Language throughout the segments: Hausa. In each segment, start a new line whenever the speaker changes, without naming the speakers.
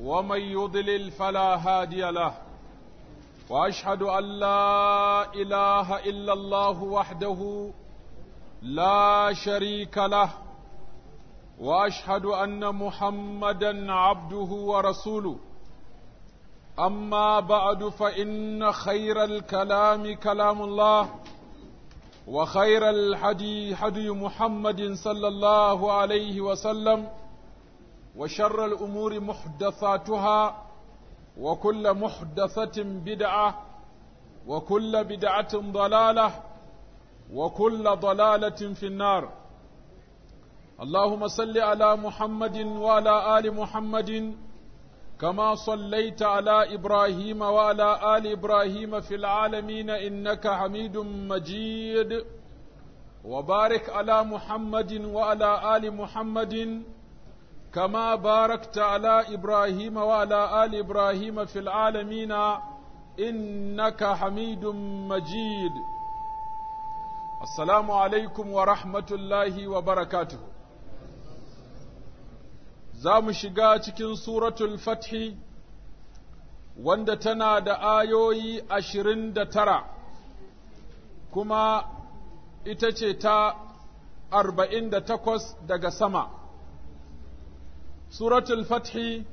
ومن يضلل فلا هادي له واشهد ان لا اله الا الله وحده لا شريك له واشهد ان محمدا عبده ورسوله اما بعد فان خير الكلام كلام الله وخير الحدي حدي محمد صلى الله عليه وسلم وشر الأمور محدثاتها وكل محدثة بدعة وكل بدعة ضلالة وكل ضلالة في النار اللهم صل على محمد وعلى آل محمد كما صليت على إبراهيم وعلى آل إبراهيم في العالمين إنك حميد مجيد وبارك على محمد وعلى آل محمد كما باركت على إبراهيم وعلى آل إبراهيم في العالمين إنك حميد مجيد السلام عليكم ورحمة الله وبركاته زام شقاتك سورة الفتح wanda tana da ayoyi ashirin da tara kuma ita ce ta arba'in da takwas daga sama suratul fathi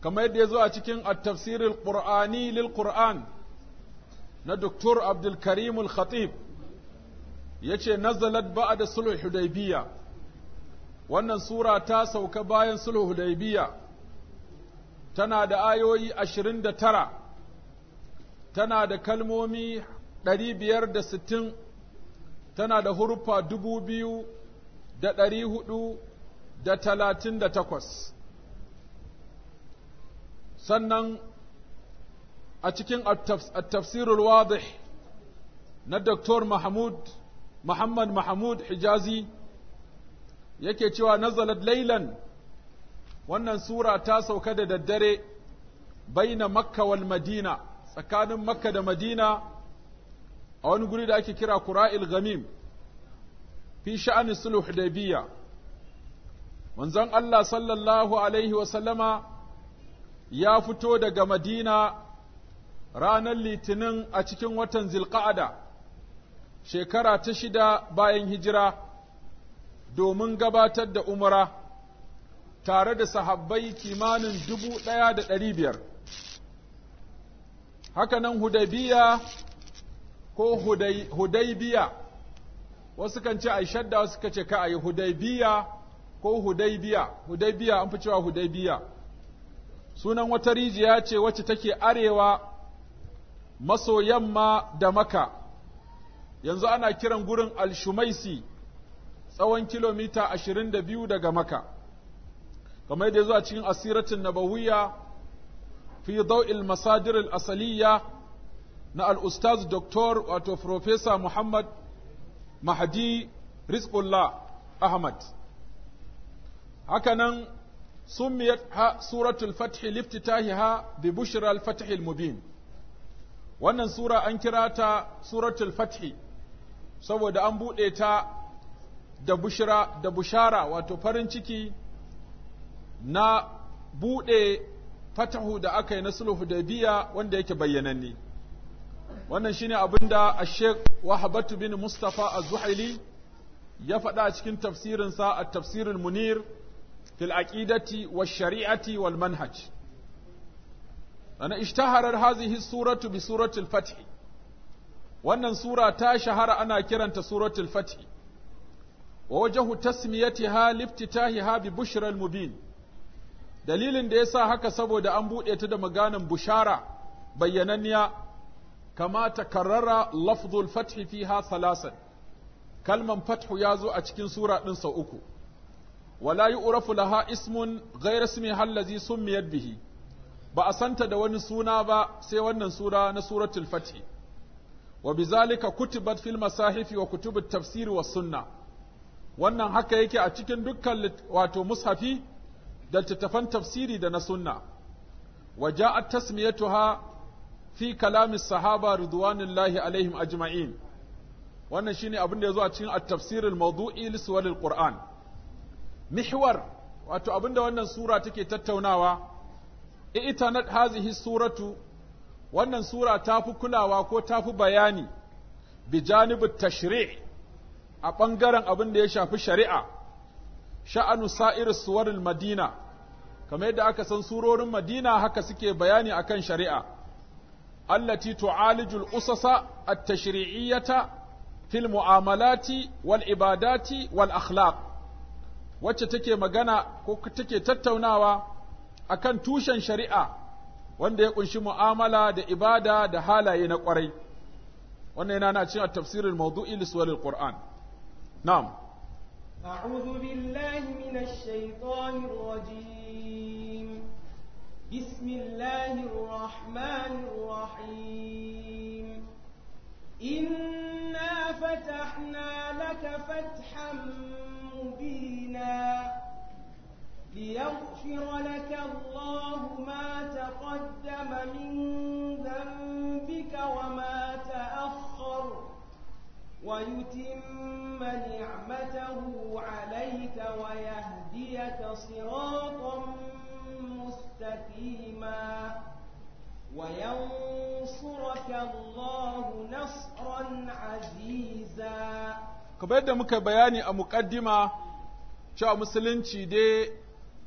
kamar yadda ya zo a cikin at-tafsirul qur'ani lil qur'an na doktor abdul karim al khatib yace nazalat ba'da sulh hudaybiya wannan sura ta sauka bayan sulh hudaybiya tana da ayoyi 29 tana da kalmomi 560 tana da huruffa 2400 da talatin da takwas sannan a cikin tafsirul wadih na Dr. Mahmud Muhammad Mahmud Hijazi yake cewa nazalat lailan wannan sura ta sauka da daddare baina makka wal madina tsakanin makka da madina a wani guri da ake kira kura'il ghamim fi sha'ani sulh hudaybiyya manzon Allah sallallahu alaihi wasallama ya fito daga Madina ranar litinin a cikin watan zilƙa'ada shekara ta shida bayan hijira domin gabatar da umra tare da sahabbai kimanin dubu ɗaya da ɗari biyar hakanan hudabiya ko hudaibiya wasu kan ce a shadda wasu ka ka a yi hudaibiya ko hudaybiya hudaybiya an fi cewa hudaybiya sunan wata rijiya ce wacce take arewa maso yamma da maka yanzu ana kiran gurin al-shumaisi tsawon kilomita ashirin da biyu daga maka kamar da ya zo cikin asiratin nabawiyya fi daw'il masadir al-asaliya na al-ustaz doktor wato profesa muhammad mahdi rizqullah ahmad hakanan summiyat ha suratul fath liftitahiha bi bushra al fath al mubin wannan sura an kira ta suratul fath saboda an bude ta da bushra da bushara wato farin ciki na bude fatahu da aka yi na sulhu da biya wanda yake bayyananne wannan shine abinda Sheikh Wahabatu bin Mustafa Az-Zuhaili ya faɗa a cikin tafsirinsa a tafsirin Munir في العقيدة والشريعة والمنهج أنا اشتهرت هذه السورة بسورة الفتح wannan sura ta shahara ana kiranta suratul fath wa wajhu tasmiyatiha liftitahiha bi bushral mubin dalilin da ya sa haka saboda an buɗe ta da maganan bushara bayyananniya kama takarrara lafzul fath fiha salasan kalman fath ya zo a cikin sura ɗin sau uku wala yu'rafu laha ismun ghayra ismi allazi summiyat bihi ba a santa da wani suna ba sai wannan sura na suratul fath wa bizalika kutibat fil masahifi wa kutubut tafsir wa sunna wannan haka yake a cikin dukkan wato mushafi da tattafan tafsiri da na sunna wa ja'at tasmiyatuha fi kalami sahaba ridwanullahi alaihim ajma'in wannan shine abin da yazo a cikin at-tafsir al-mawdu'i li al-qur'an mihwar wato abinda wannan sura take tattaunawa na hazihi suratu wannan sura ta fi kulawa ko tafi bayani bi janibut tashri' a ɓangaren abin da ya shafi shari'a sha'anu sa'iris suwaril madina kamar yadda aka san surorin madina haka suke bayani akan shari'a allati tu'alijul usasa at-tashri'iyyata fil mu'amalati wal ibadati wal akhlaq wacce take magana ko take tattaunawa akan tushen shari'a wanda ya kunshi mu'amala da ibada da halaye na kwarai wannan yana na a tafsirin mawdu'i liswalil qur'an na'am
a'udhu billahi minash shaitanir rajim bismillahir rahmanir rahim إنا فتحنا لك فتحا مبينا ليغفر لك الله ما تقدم من ذنبك وما تأخر ويتم نعمته عليك ويهديك صراطا مستقيما وينصرك الله نصرا عزيزا
kamar yadda muka bayani a muƙaddima cewa musulunci dai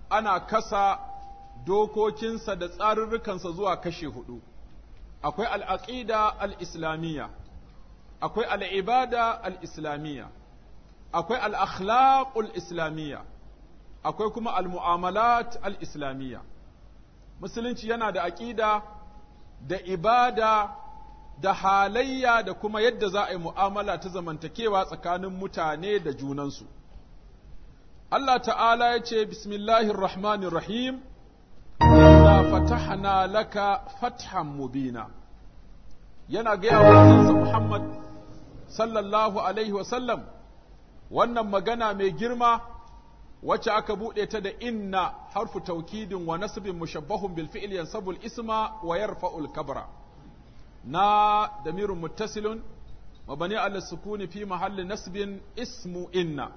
ana kasa dokokinsa da tsarurrukansa zuwa kashe hudu akwai al'aƙida al'islamiyya akwai al'ibada al'islamiyya akwai al'akhlaƙul islamiyya akwai kuma al'mu'amalat al'islamiyya musulunci yana da aƙida da ibada da halayya da kuma yadda za a yi mu'amala ta zamantakewa tsakanin mutane da junansu. Allah ta'ala ya ce, Bismillahirrahmanirrahim, Inna fatahna laka fathan mubina. Yana gaya wa Muhammad sallallahu Alaihi wasallam, wannan magana mai girma wacce aka buɗe ta da inna harfu taukidin wa nasibin mushabbahun bil fi'l yansabu isma wa yarfa'u kabra na damirun muttasilun mabani ala sukuni fi mahalli nasibin ismu inna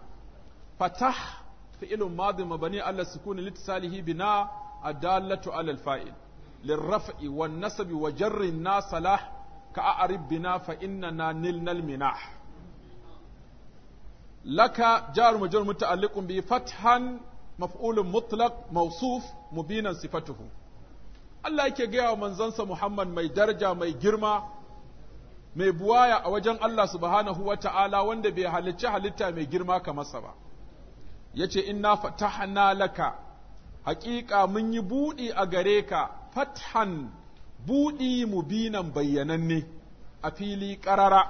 fatah fi'ilun madin mabani ala sukuni litisalihi bina adallatu ala al fa'il lirraf'i wan nasbi wa jarrin na salah ka a'rib bina fa inna na nilnal minah لك جار مجرور متعلق به mutlak مفعول مطلق موصوف مبينا صفته Allah yake gaya wa manzansa Muhammad mai daraja mai girma mai buwaya a wajen Allah su subhanahu wa ta'ala wanda bai halicci halitta mai girma kamarsa ba, ya ce, Inna fatahna laka, haƙiƙa mun yi buɗi a gare ka, fathan buɗi mubinan bayyananne a fili ƙarara,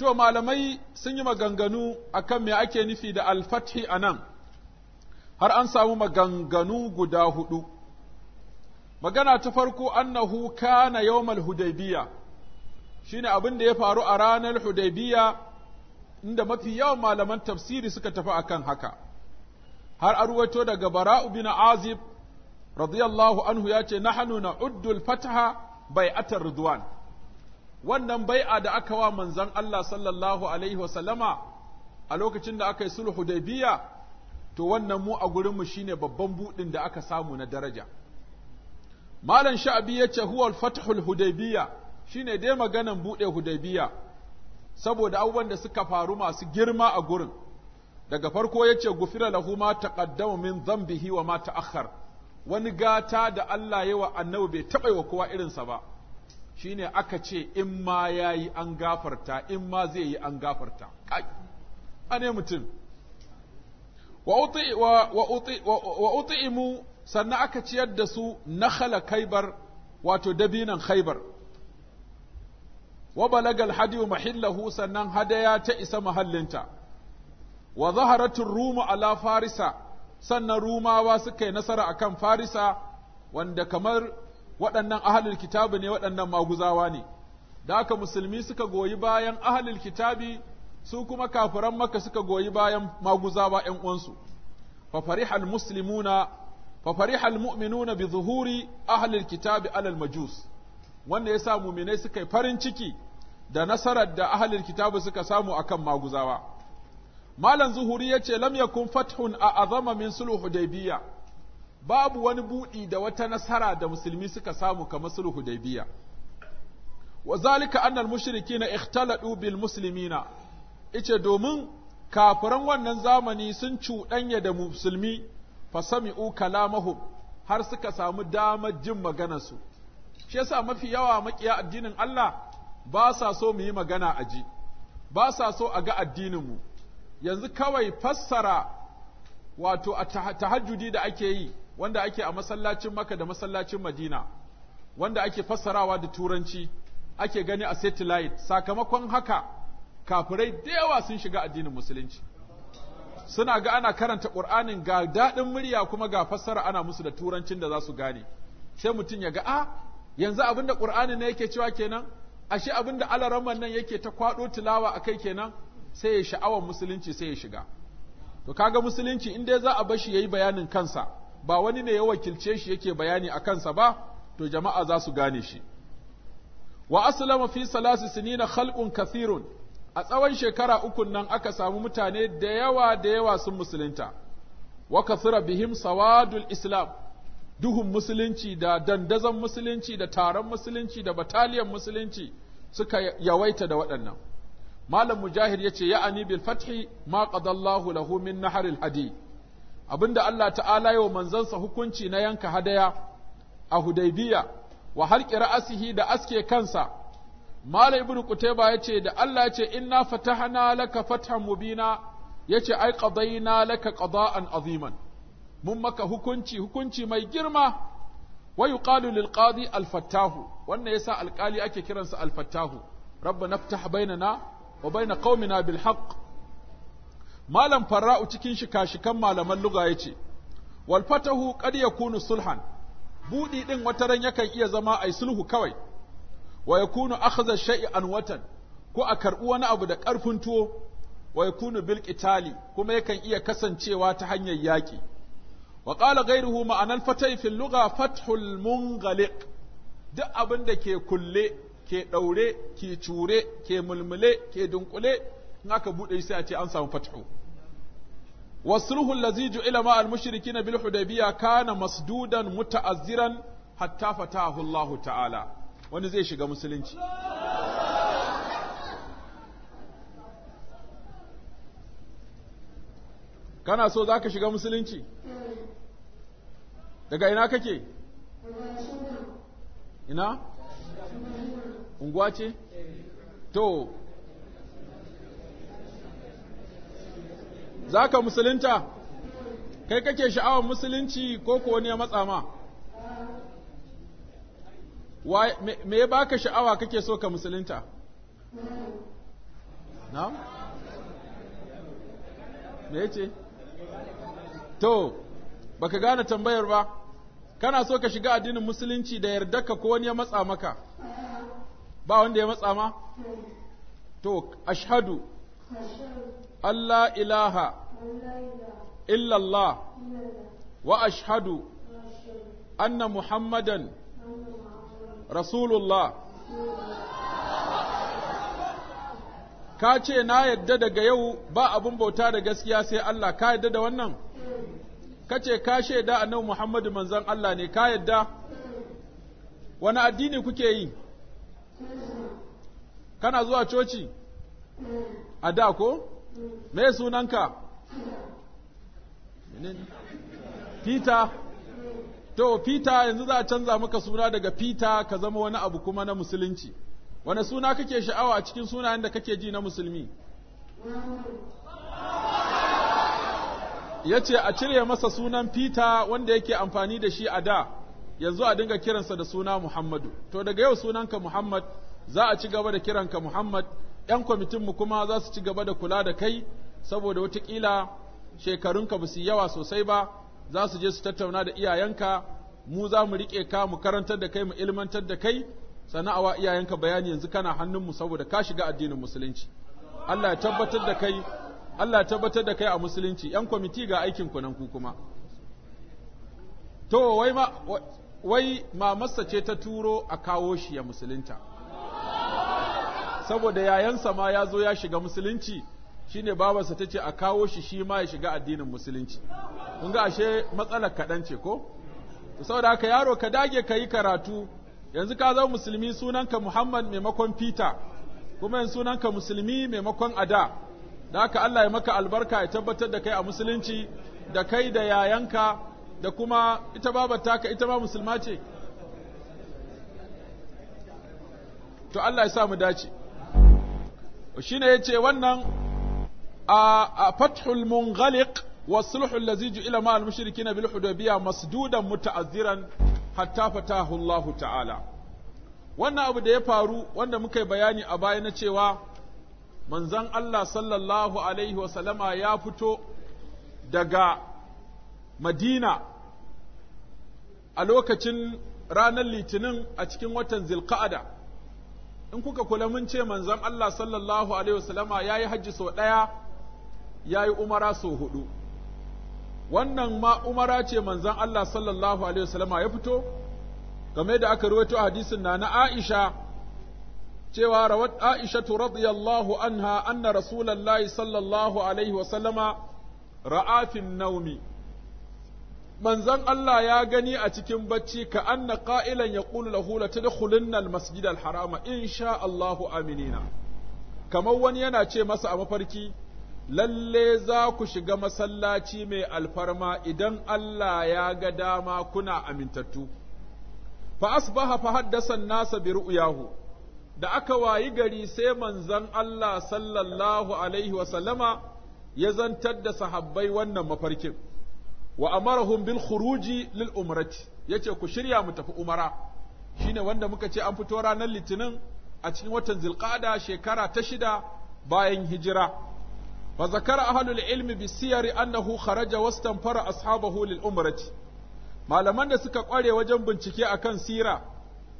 To, malamai sun yi maganganu a kan me ake nufi da alfathi a nan, har an samu maganganu guda hudu. Magana ta farko annahu kana yawmal hudaybiya shine abin da ya faru a ranar hudaybiya inda mafi yawan malaman tafsiri suka tafi akan haka. Har arwato daga Bara'u bin Azib radiyallahu anhu ya ce nahnu uddul fataha bai'atar ridwan. wannan bai'a da aka wa manzon Allah sallallahu alaihi wasallama a lokacin da aka yi sulhu hudaybiya to wannan mu a gurin mu shine babban budin da aka samu na daraja malam sha'abi yace huwa al-fathul hudaybiya shine dai maganan buɗe hudaybiya saboda abubuwan da suka faru masu girma a gurin daga farko yace gufira lahu ma taqaddama min dhanbihi wa ma ta'akhkhar wani gata da Allah yawa annabi bai taɓa wa kowa irinsa ba shine aka ce in ma ya yi an gafarta in ma zai yi an gafarta a ne mutum wa uti'imu sannan aka ciyar da su nakhala kaibar wato dabinan khaibar wa balagal hadiyu mahillahu sannan hadaya ta isa mahallinta wa zaharatun rumu ala farisa sannan rumawa suka yi nasara akan farisa wanda kamar waɗannan ahalul kitabi ne waɗannan maguzawa ne da haka musulmi suka goyi bayan ahalul kitabi su kuma kafiran maka suka goyi bayan maguzawa ƴan uwansu fa farihal muslimuna fa farihal mu'minuna bi zuhuri ahlil kitabi alal majus wanda yasa mu'minai suka yi farin ciki da nasarar da ahlil kitabi suka samu akan maguzawa malam zuhuri yace lam yakun fathun a azama min sulh hudaybiyya babu wani buɗi da wata nasara da musulmi suka samu kamar sulhu hudaybiya wa zalika annal mushrikina ikhtaladu bil muslimina ice domin kafiran wannan zamani sun cuɗanya da musulmi fasami'u kalamahum har suka samu damar jin maganarsu shi yasa mafi yawa makiya addinin Allah ba sa so mu yi magana a ji ba sa so a ga addininmu yanzu kawai fassara wato a tahajjudi da ake yi wanda ake a masallacin Makka da masallacin Madina wanda ake fassarawa da turanci ake gani a satellite sakamakon haka kafirai da yawa sun shiga addinin musulunci suna ga ana karanta Qur'anin ga daɗin murya kuma ga fassara ana musu da turancin da za su gane sai mutum ya ga a ah, yanzu abinda Qur'anin ne yake cewa kenan ashe abinda alaraman nan yake ta kwado tilawa akai kenan sai ya sha'awar musulunci sai ya shiga to kaga musulunci in dai za a bashi yayi bayanin kansa ba wani ne ya wakilce shi yake bayani a kansa ba to jama'a za su gane shi wa aslama fi salasi sinina khalqun kathirun a tsawon shekara ukun nan aka samu mutane da yawa da yawa sun musulunta wa kathura bihim sawadul islam duhun musulunci da dandazon musulunci da taron musulunci da bataliyan musulunci suka yawaita da waɗannan malam mujahid yace ya'ani bil fathi ma qadallahu lahu min naharil hadi abinda Allah ta'ala yau manzansa hukunci na yanka hadaya a Hudaybiya wa halqi ra'asihi da aske kansa Malam Ibn ya yace da Allah yace inna fatahna laka fathan mubina yace ai qadayna laka qada'an aziman mun maka hukunci hukunci mai girma wa yuqalu lil qadi al fattahu wannan yasa alkali ake kiransa al fattahu rabbana baina bainana wa bain qaumina bil haqq malam farra'u cikin shika-shikan malaman luga ya ce wal fatahu qad yakunu sulhan budi din ran yakan iya zama ai sulhu kawai wa yakunu akhdha shay'i an watan ko a karɓi wani abu da karfin tuwo wa yakunu bil qitali kuma yakan iya kasancewa ta hanyar yaƙi. wa qala ghayruhu ma'anan fatai fil lugha fathul mungaliq, duk abin da ke kulle ke ɗaure, ke cure ke mulmule ke dunƙule, in aka buɗe sai a ce an samu fathu wasruhu laziju ju'ila ma na mushrikin bil kana masdudan muta'azziran hatta fatahu Allah ta'ala wani zai shiga musulunci kana so shiga musulunci daga ina kake ina unguwa ce to za ka musulunta kai kake sha'awar musulunci ko ko wani ya matsa ma me ya baka sha'awa kake so ka musulunta na? me ce? to baka gane tambayar ba kana so ka shiga addinin musulunci da yarda ka ko wani ya matsa maka ba wanda ya matsa ma to ashadu. Allah ilaha illallah wa ashhadu anna Muhammadan Rasulullah ka ce na yadda daga yau ba abin bauta da gaskiya sai Allah ka yadda da wannan ka ce ka shaida annabi Muhammadu manzon Allah ne ka yadda wani addini kuke yi kana zuwa coci a da ko me sunanka peter to peter yanzu za a canza maka suna daga peter ka zama wani abu kuma na musulunci wani suna kake sha'awa a cikin sunayen da kake ji na musulmi ya ce a cire masa sunan peter wanda yake amfani da shi a da yanzu a dinga kiransa da suna muhammadu to daga yau sunanka muhammad za a ci gaba da kiranka muhammad ‘yan kwamitinmu kuma za su ci gaba da kula da kai saboda watakila shekarunka ba su yawa sosai ba za su je su tattauna da iyayenka mu za mu riƙe ka mu karantar da kai mu ilmantar da kai sana'awa iyayenka bayani yanzu kana hannunmu saboda ka shiga addinin musulunci Allah ya tabbatar da kai Allah ya tabbatar da kai a musulunci ‘yan kwamiti ga aikin ku nan ku kuma to wai ma wai ce ta turo a kawo shi ya musulunta saboda yayansa ma ya zo ya shiga musulunci shine babarsa ta ce a kawo shi shi ma ya shiga addinin musulunci kun ga ashe matsalar kaɗan ce ko saboda haka yaro ka dage ka yi karatu yanzu ka zama musulmi sunanka muhammad maimakon peter kuma yanzu sunanka musulmi maimakon ada da haka allah ya maka albarka ya tabbatar da kai a musulunci da kai da yayanka da kuma ita babar taka ita ma musulma ce to allah ya sa mu dace shine yace wannan a fathul munghaliq wa sulhul ladzi Ila ma al na bil masdudan muta'azziran hatta fatahu Allah ta'ala wannan abu da ya faru wanda muka yi bayani a baya na cewa manzon Allah sallallahu alaihi wa sallama ya fito daga Madina a lokacin ranar Litinin a cikin watan Zilka'ada. in kuka kula mun ce manzon Allah sallallahu alaihi wasallama yayi hajji sau ɗaya yayi umara sau hudu wannan ma umara ce manzon Allah sallallahu alaihi wasallama ya fito game da aka ruwaito hadisin na na Aisha cewa rawat Aisha radiyallahu anha anna rasulullahi sallallahu alaihi wasallama ra'a fi naumi manzon Allah ya gani a cikin bacci ka anna qa'ilan yaqulu lahu la tadkhulunna al-masjid al-harama insha Allahu aminina kamar wani yana ce masa a mafarki lalle za ku shiga masallaci mai alfarma idan Allah ya ga dama kuna amintattu fa asbaha fa haddasa nasa bi ru'yahu da aka wayi gari sai manzon Allah sallallahu alaihi wa sallama ya zantar da sahabbai wannan mafarkin wa amarahum bil khuruji lil umrati yace ku shirya mu tafi umara shine wanda muka ce an fito ranar litinin a cikin watan zilkada shekara ta shida bayan hijira fa zakara ahlul ilmi bi siyari annahu kharaja wastanfara ashabahu lil umrati malaman da suka kware wajen bincike akan sira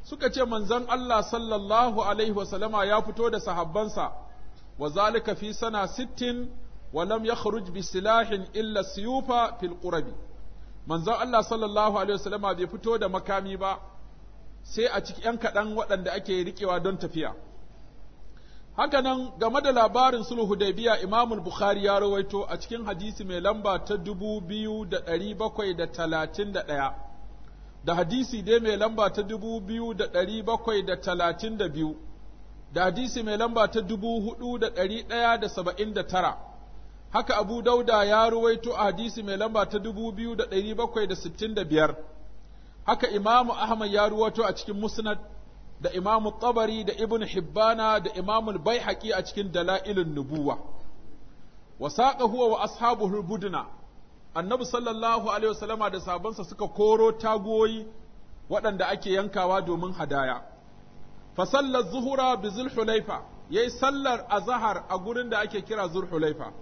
suka ce manzon Allah sallallahu alaihi wasallama ya fito da sahabbansa wa zalika fi sana sittin walam ya kharuj bi silahin illa siyufa fil qurabi manzon Allah sallallahu alaihi wasallama bai fito da makami ba sai a cikin ‘yan kaɗan waɗanda ake riƙewa don tafiya. nan, game da labarin sulhu biya Imamul Bukhari ya rawaito a cikin hadisi mai lamba ta dubu biyu da ɗari bakwai da talatin da ɗaya, da hadisi dai mai lamba ta dubu biyu da ɗari bakwai da talatin da biyu, da hadisi mai lamba ta dubu hudu da ɗari ɗaya da saba'in da tara, haka abu dauda ya ruwaito a hadisi mai lamba ta da bakwai biyar. haka imamu ahmad ya ruwaito a cikin musnad da imamu tabari da ibn hibbana da imamu baihaqi a cikin Dala'ilin nubuwa wa saqa huwa wa ashabuhu budna annabi sallallahu alaihi wasallama da sabansa suka koro tagoyi waɗanda ake yankawa domin hadaya fa sallar zuhura bi zulhulaifa yayi sallar azhar a gurin da ake kira zulhulaifa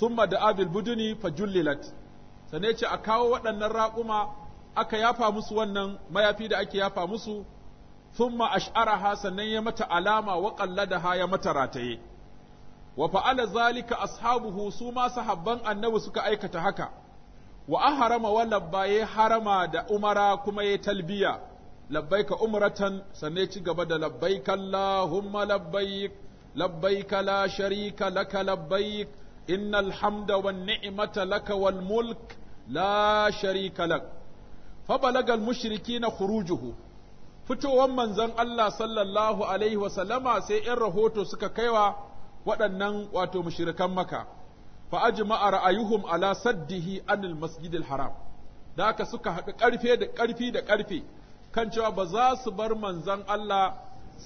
summa da abil buduni fa jullilat sannan ce a kawo waɗannan raƙuma aka yafa musu wannan mayafi da ake yafa musu thumma ash'araha sannan ya mata alama wa qalladaha ya mata rataye wa fa'ala zalika ashabuhu su ma sahabban annabi suka aikata haka wa aharama wa labbaye harama da umara kuma ya talbiya labbaika umratan sannan ci gaba da labbaika allahumma labbaik labbaika la sharika laka labbaik innal hamda wan ni'mata laka wal mulk la sharika lak fa fitowar manzon Allah sallallahu alaihi wa sallama sai ‘yan rahoto suka kaiwa waɗannan wato mushrikan maka, fa ra'ayuhum ala saddihi anil masjidil haram, da haka suka haɗu ƙarfe da ƙarfi da ƙarfe kan cewa ba za su bar manzon Allah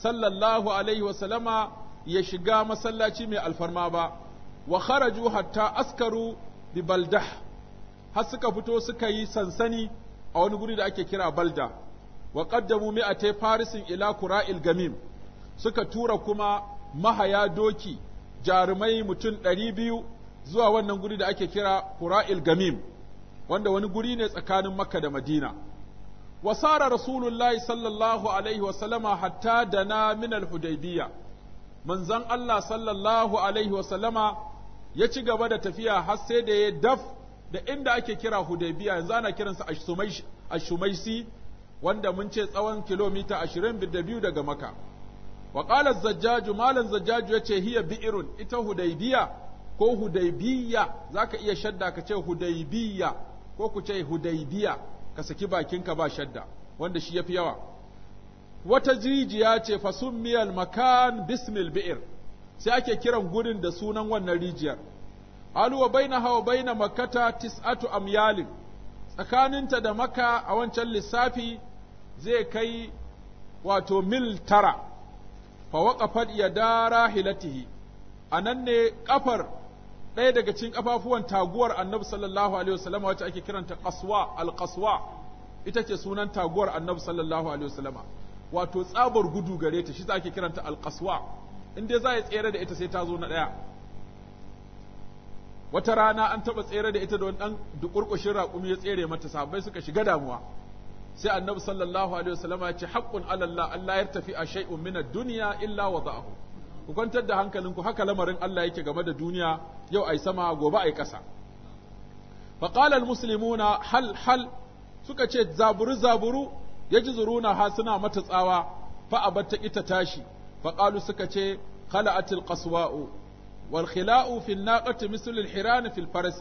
sallallahu alaihi wa sallama ya shiga masallaci mai alfarma ba, wa kharaju hatta askaru bi baldah har suka fito suka yi sansani a wani guri da ake kira balda wa qaddamu mi'ati farisin ila qura'il gamim suka tura kuma mahaya doki jarumai mutum ɗari biyu zuwa wannan guri da ake kira qura'il gamim wanda wani guri ne tsakanin makka da madina wasara rasulullahi sallallahu alaihi wa sallama hatta dana min al-hudaybiyah manzon Allah sallallahu alaihi wa sallama. ya ci gaba da tafiya har sai da ya daf da inda ake kira Hudaybiya yanzu ana kiransa Ashumaisi wanda mun ce tsawon kilomita ashirin 22 daga Makka wa qala zajjaju malan zajjaju ce hiya bi'irun ita Hudaybiya ko Hudaybiya ka iya shadda ka ce Hudaybiya ko ku ce Hudaybiya ka saki bakinka ba shadda wanda shi yafi yawa wata jijiya ce fasummiyal makan bismil bi'ir sai ake kiran gudun da sunan wannan rijiyar aluwa baina hawa baina makata tis'atu amyalin tsakaninta da maka a wancan lissafi zai kai wato mil tara fa waqafat yada rahilatihi anan ne kafar ɗaya daga cikin kafafuwan taguwar annabi sallallahu alaihi wasallam wacce ake kiranta qaswa al-qaswa ita ce sunan taguwar annabi sallallahu alaihi wasallama wato tsabar gudu gare ta shi ake kiranta al in dai za a tsere da ita sai ta zo na ɗaya wata rana an taɓa tsere da ita da wani ɗan duƙurƙushin raƙumi ya tsere mata sahabbai suka shiga damuwa sai annabi sallallahu alaihi wasallama ya ce haqqun ala Allah ya tafi a shay'un min ad-dunya illa wada'ahu ku kwantar da hankalinku haka lamarin Allah yake game da duniya yau ai sama gobe ai ƙasa fa qala al-muslimuna hal hal suka ce zaburu zaburu zuruna ha suna mata tsawa fa abatta ita tashi faƙalu suka ce khala'atil ƙaswa'u wal khila'u fil naqati misl al hiran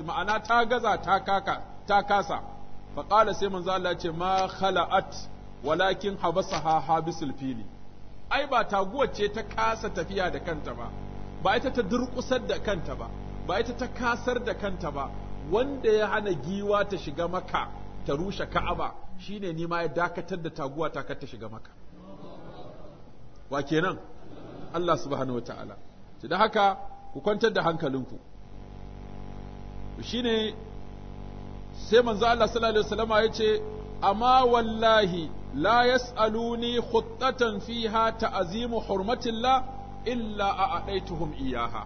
ma'ana ta gaza ta kaka kasa faƙala sai manzo Allah ce ma khala'at walakin habasaha habisul fili ai ba taguwa ce ta kasa tafiya da kanta ba ba ita ta durƙusar da kanta ba ba ita ta kasar da kanta ba wanda ya hana giwa ta shiga maka ta rushe ka'aba shine nima ya dakatar da taguwa ta kar ta shiga maka wa kenan Allah subhanahu ta'ala. to da haka ku kwantar da hankalinku shine sai manzo Allah sallallahu alaihi wasallama yace amma wallahi la yas'aluni khuttatan fiha ta'zimu hurmatillah illa a'adaituhum iyaha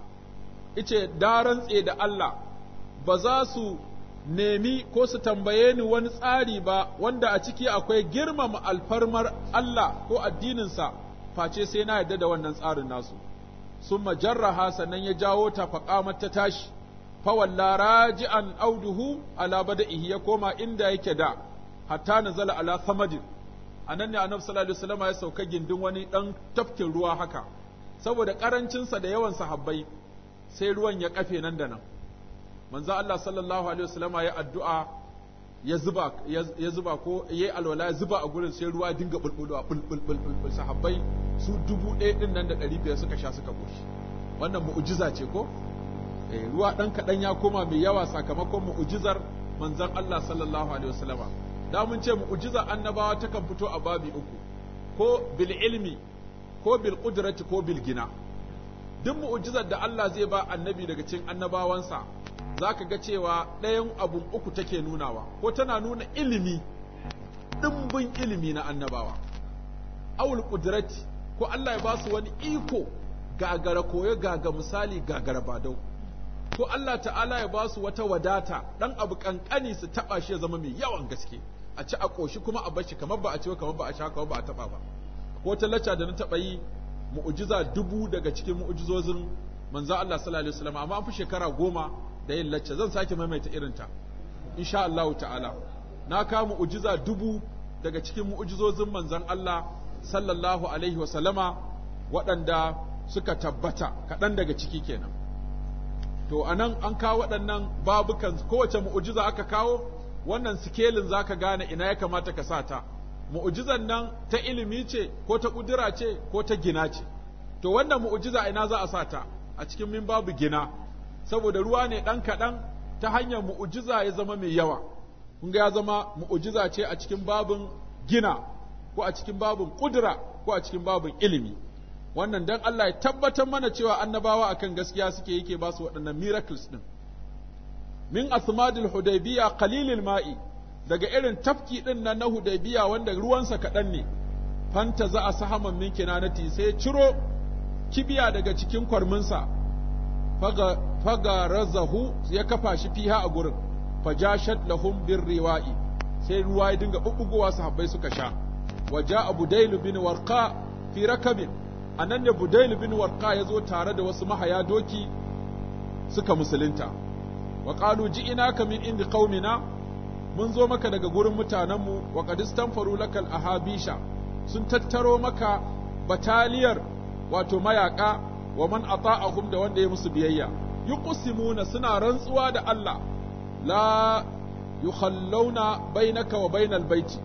ice da rantse da Allah ba za su nemi ko su tambaye ni wani tsari ba wanda a ciki akwai girmama alfarmar Allah ko addininsa face sai na yarda da wannan tsarin nasu sun majarraha sannan ya jawo ta faƙamar ta tashi Fa fawalla raji'an auduhu ala bada'ihi ya koma inda yake da hatta nazala ala samadin a ne annabi sallallahu alaihi wasallam ya sauka gindin wani dan tafkin ruwa haka saboda ƙarancinsa da yawan sahabbai sai ruwan ya kafe nan da nan manzo Allah sallallahu alaihi wasallam ya addu'a ya zuba ya zuba ko yayi alwala ya zuba a gurin sai ruwa dinga bulbulwa bulbulbul sahabbai su dubu ɗaya din nan da ɗari biyar suka sha suka koshi wannan mu'ujiza ce ko eh ruwa dan kadan ya koma mai yawa sakamakon mu'ujizar manzon Allah sallallahu alaihi wasallama da mun ce mu'ujiza annabawa takan fito a babi uku ko bil ilmi ko bil qudrati ko bil gina duk mu'ujizar da Allah zai ba annabi daga cikin annabawansa za ka ga cewa ɗayan abun uku take nunawa ko tana nuna ilimi ɗimbin ilimi na annabawa awul ƙudurati ko Allah ya ba su wani iko gagara koyo gaga misali gagara badau ko Allah ta'ala ya ba su wata wadata ɗan abu ƙanƙani su taɓa shi ya zama mai yawan gaske a ci a ƙoshi kuma a bashi kamar ba a ciwo kamar ba a sha kamar ba a taɓa ba ko ta lacca da na taɓa yi mu'ujiza dubu daga cikin mu'ujizozin manzo Allah sallallahu alaihi wasallam amma an fi shekara goma da yin lacca zan sake maimaita irinta insha Allah ta'ala na kama ujiza dubu daga cikin mu'ujizozin manzon Allah sallallahu alaihi wa sallama waɗanda suka tabbata kaɗan daga ciki kenan to anan an kawo waɗannan babukan kowace mu'ujiza aka kawo wannan sikelin zaka gane ina ya kamata ka sa ta mu'ujizan nan ta ilimi ce ko ta ƙudura ce ko ta gina ce to wannan mu'ujiza ina za a sa ta a cikin min babu gina saboda ruwa ne ɗan kaɗan ta hanyar mu'ujiza ya zama mai yawa kun ga ya zama mu'ujiza ce a cikin babin gina ko a cikin babin kudura, ko a cikin babin ilimi wannan dan Allah ya tabbatar mana cewa annabawa akan gaskiya suke yake ba su waɗannan miracles ɗin min asmadil hudaybiya qalilil ma'i daga irin tafki ɗin nan na hudaybiya wanda ruwansa kaɗan ne fanta za a sahaman min kinanati sai ciro kibiya daga cikin kwarminsa fagarazahu ya kafa shi fiha a gurin fajashat lahum bir riwa'i sai ruwa ya dinga bubbugowa sahabbai suka sha waja budailu bin warqa fi rakabin anan ne budailu bin warqa yazo tare da wasu mahaya doki suka musulunta wa qalu ka min indi qaumina mun zo maka daga gurin mutanenmu wa qadistan faru lakal ahabisha sun tattaro maka bataliyar wato mayaka wa man ata'ahum da wanda ya musu biyayya yuqsimuna suna rantsuwa da Allah la yukhallauna bainaka wa bainal baiti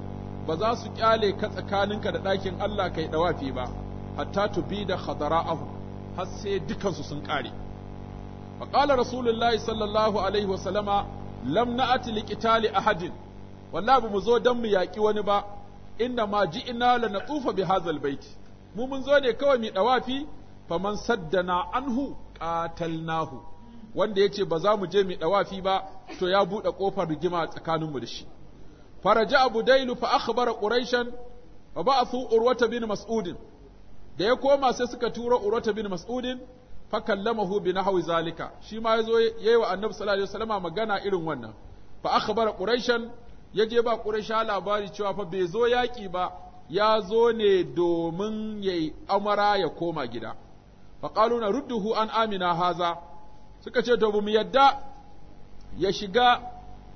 ba za su kyale ka tsakaninka da ɗakin Allah kai dawafi ba hatta tubida khadara'ahu har sai dukansu sun kare fa qala rasulullahi sallallahu alaihi wa sallama lam na'ati liqitali ahadin wallahi mu zo dan mu yaki wani ba inda ma ji'ina la natsufa bi hadzal baiti mu mun zo ne kawai mu dawafi faman na anhu qatalnahu wanda yace ba za mu je mu dawafi ba to ya bude kofar rigima tsakaninmu da shi faraja abu dailu fa akhbara quraishan wa ba'athu urwata bin mas'ud da ya koma sai suka tura urwata bin mas'ud fa kallamahu bi nahwi zalika shi ma yazo yayi wa annabi sallallahu alaihi wasallama magana irin wannan fa akhbara quraishan yaje ba quraisha labari cewa fa bai zo yaki ba ya zo ne domin yayi amara ya koma gida faƙalu na rudduhu an amina haza suka ce to bu mu yadda ya shiga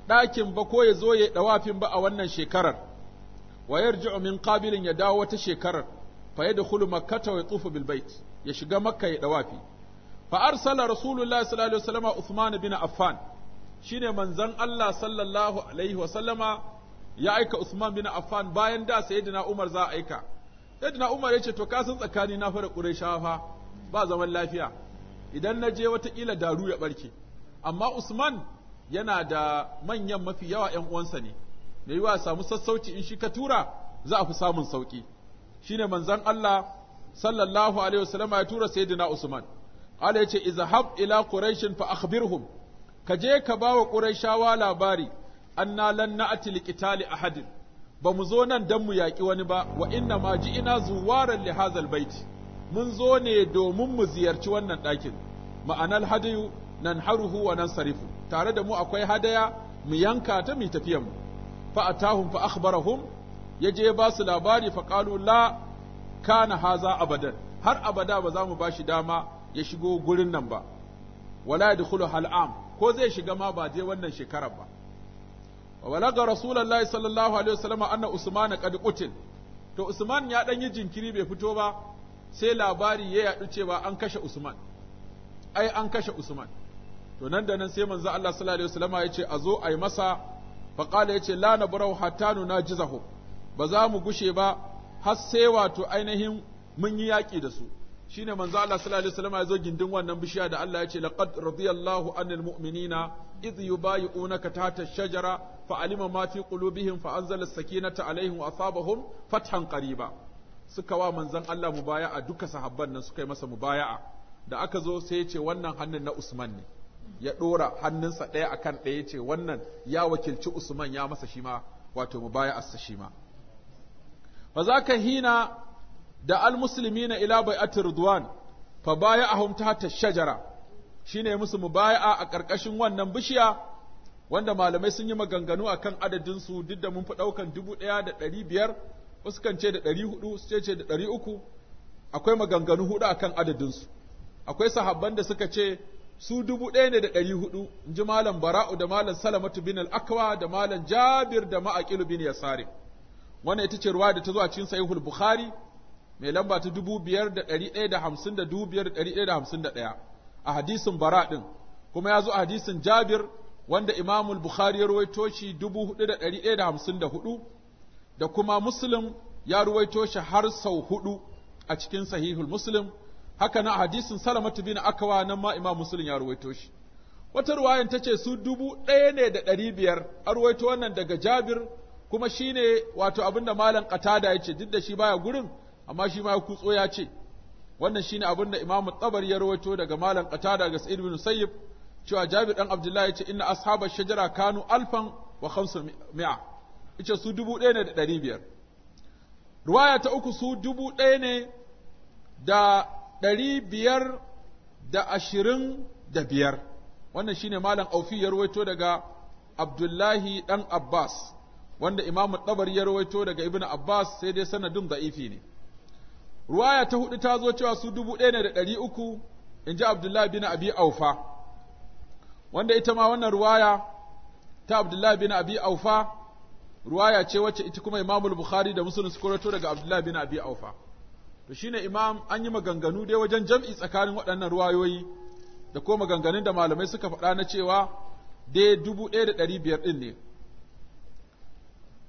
ɗakin ba ko ya zo ya ɗawafin ba a wannan shekarar wa yarji'u min ƙabilin ya dawo wata shekarar fa hulu makkata wa yatufu bil bait ya shiga makka ya ɗawafi fa arsala rasulullah sallallahu alaihi wasallama uthman bin affan shine manzon Allah sallallahu alaihi wasallama ya aika Usman bin affan bayan da sayyidina umar za a aika sayyidina umar ya ce to kasan san tsakani na fara qurayshawa ba zaman lafiya idan na je watakila daru ya barke amma usman yana da manyan mafi yawa ‘yan uwansa ne mai yiwa samu sassauci in shi ka tura za a fi samun sauƙi shi ne manzan Allah sallallahu alaihi wasallam ya tura sayyidina usman Allah ya ce izhab ila quraishin fa akhbirhum ka je ka ba wa quraishawa labari anna lan na'ti liqitali ahadin ba mu zo nan dan mu yaƙi wani ba wa inna ma ina zuwaran li hadzal baiti mun zo ne domin mu ziyarci wannan ɗakin ma'anar hadayu nan haruhu wa nan sarifu tare da mu akwai hadaya mu yanka ta mu tafiya mu fa atahum fa akhbarahum yaje ba su labari fa qalu la kana haza abadan har abada ba za mu ba shi dama ya shigo gurin nan ba wala yadkhulu hal'am ko zai shiga ma ba je wannan shekarar ba balaga rasulullahi sallallahu alaihi wasallam anna usman qad qutil to usman ya dan yi jinkiri bai fito ba sai labari ya yaɗu cewa an kashe Usman ai an kashe Usman to nan da nan sai manzo Allah sallallahu alaihi wasallama ce a zo a yi masa fa qala Lana la nabrau hatta nunajizahu ba za mu gushe ba har sai wato ainihin mun yi yaƙi da su shine manzo Allah sallallahu alaihi wasallama ya zo gindin wannan bishiya da Allah ya ce laqad radiyallahu anil mu'minina idh yubayi'unaka tahta ash-shajara fa alima ma fi qulubihim fa anzala as-sakinata alaihim wa asabahum fathan qariba suka wa manzon Allah mubaya'a duka sahabban nan suka yi masa mubaya'a da aka zo sai ya ce wannan hannun na Usman ne ya dora hannunsa ɗaya akan ɗaya ya ce wannan ya wakilci Usman ya masa shi ma wato mubaya'arsa shi ma fa zaka hina da almuslimina ila bai'atir ridwan fa baya'ahum tahta shajara shine musu mubaya'a a ƙarƙashin wannan bishiya wanda malamai sun yi maganganu akan adadin su duk da mun fi ɗaukan dubu ɗaya da ɗari biyar wasu kan ce da ɗari hudu su ce da ɗari uku akwai maganganu hudu akan adadinsu akwai sahabban da suka ce su dubu ɗaya ne da ɗari hudu in ji malam bara'u da malam salamatu bin al'akawa da malam jabir da ma'aƙilu bin yasari wannan ita ce ruwa da ta zo a cikin sahihul bukhari mai lamba ta dubu biyar da ɗari ɗaya da hamsin da dubu biyar da ɗari ɗaya da hamsin da ɗaya a hadisin bara ɗin kuma ya zo a hadisin jabir wanda imamul bukhari ya rawaito shi dubu hudu da ɗari ɗaya da hamsin da hudu da kuma muslim ya ruwaito shi har sau hudu a cikin sahihul muslim haka na hadisin salamatu bin akawa nan ma imam muslim ya ruwaito shi wata ruwayan ta ce su dubu ɗaya ne da ɗari biyar a ruwaito wannan daga jabir kuma shi ne wato abinda malam katada ya ce duk da shi baya gurin amma shi ma ya kutso ya ce wannan shi ne abinda imamu tsabar ya ruwaito daga malam katada ga sa'id bin sayyib cewa jabir dan abdullahi ya ce inna ashabar shajara kanu alfan wa khamsu mi'a ita su dubu ɗaya ne da ɗari biyar ruwaya ta uku su dubu ɗaya ne da ɗari biyar da ashirin da biyar wannan shine malam aufi ya ruwaito daga abdullahi ɗan abbas wanda imamu ɗabari ya ruwaito daga ibn abbas sai dai sanadin da'ifi ne ruwaya ta hudu ta zo cewa su dubu ɗaya ne da ɗari uku in ji abdullahi bin abi aufa wanda ita ma wannan ruwaya ta abdullahi bin abi aufa ruwaya ce wacce ita kuma Imam Bukhari da Muslim suka rawaito daga Abdullah bin Abi Aufa to shine Imam an yi maganganu dai wajen jam'i tsakanin waɗannan ruwayoyi da ko maganganun da malamai suka faɗa na cewa dai 1500 din ne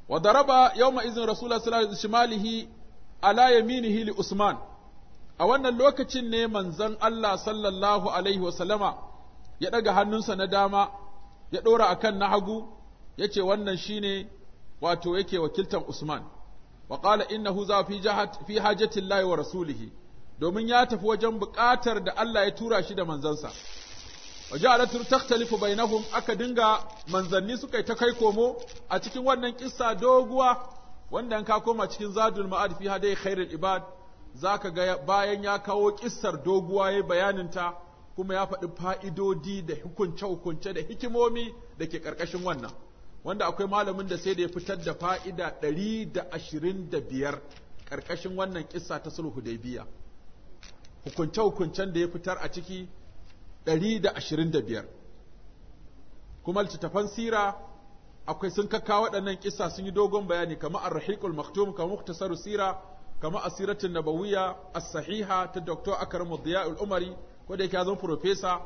wa daraba yawma izin rasulullahi sallallahu alaihi shimalihi ala yaminihi li usman a wannan lokacin ne manzon Allah sallallahu alaihi wa sallama ya daga hannunsa na dama ya dora akan na hagu yace wannan shine wato yake wakiltan Usman wa qala innahu za fi jahat fi wa rasulih domin ya tafi wajen buƙatar da Allah ya tura shi da manzansa wa ja'alat takhtalifu bainahum aka dinga manzanni suka ta kai komo a cikin wannan kissa doguwa wanda ka koma cikin zadul ma'ad fi hadai khairul ibad zaka ga bayan ya kawo kissar doguwa ya bayanin ta kuma ya faɗi fa'idodi da hukunce-hukunce da hikimomi da ke ƙarƙashin wannan. wanda akwai malamin da sai da ya fitar da fa'ida 125 ƙarƙashin wannan ƙisa ta sulhu da biya hukunce-hukuncen da ya fitar a ciki 125 kuma littattafan sira akwai sun kakka waɗannan ƙisa sun yi dogon bayani kamar a rahikul maktum kamar muktasarus sira a asiratun nabawiyya a sahiha ta Dr. Akram Diya'ul Umari ko da yake zan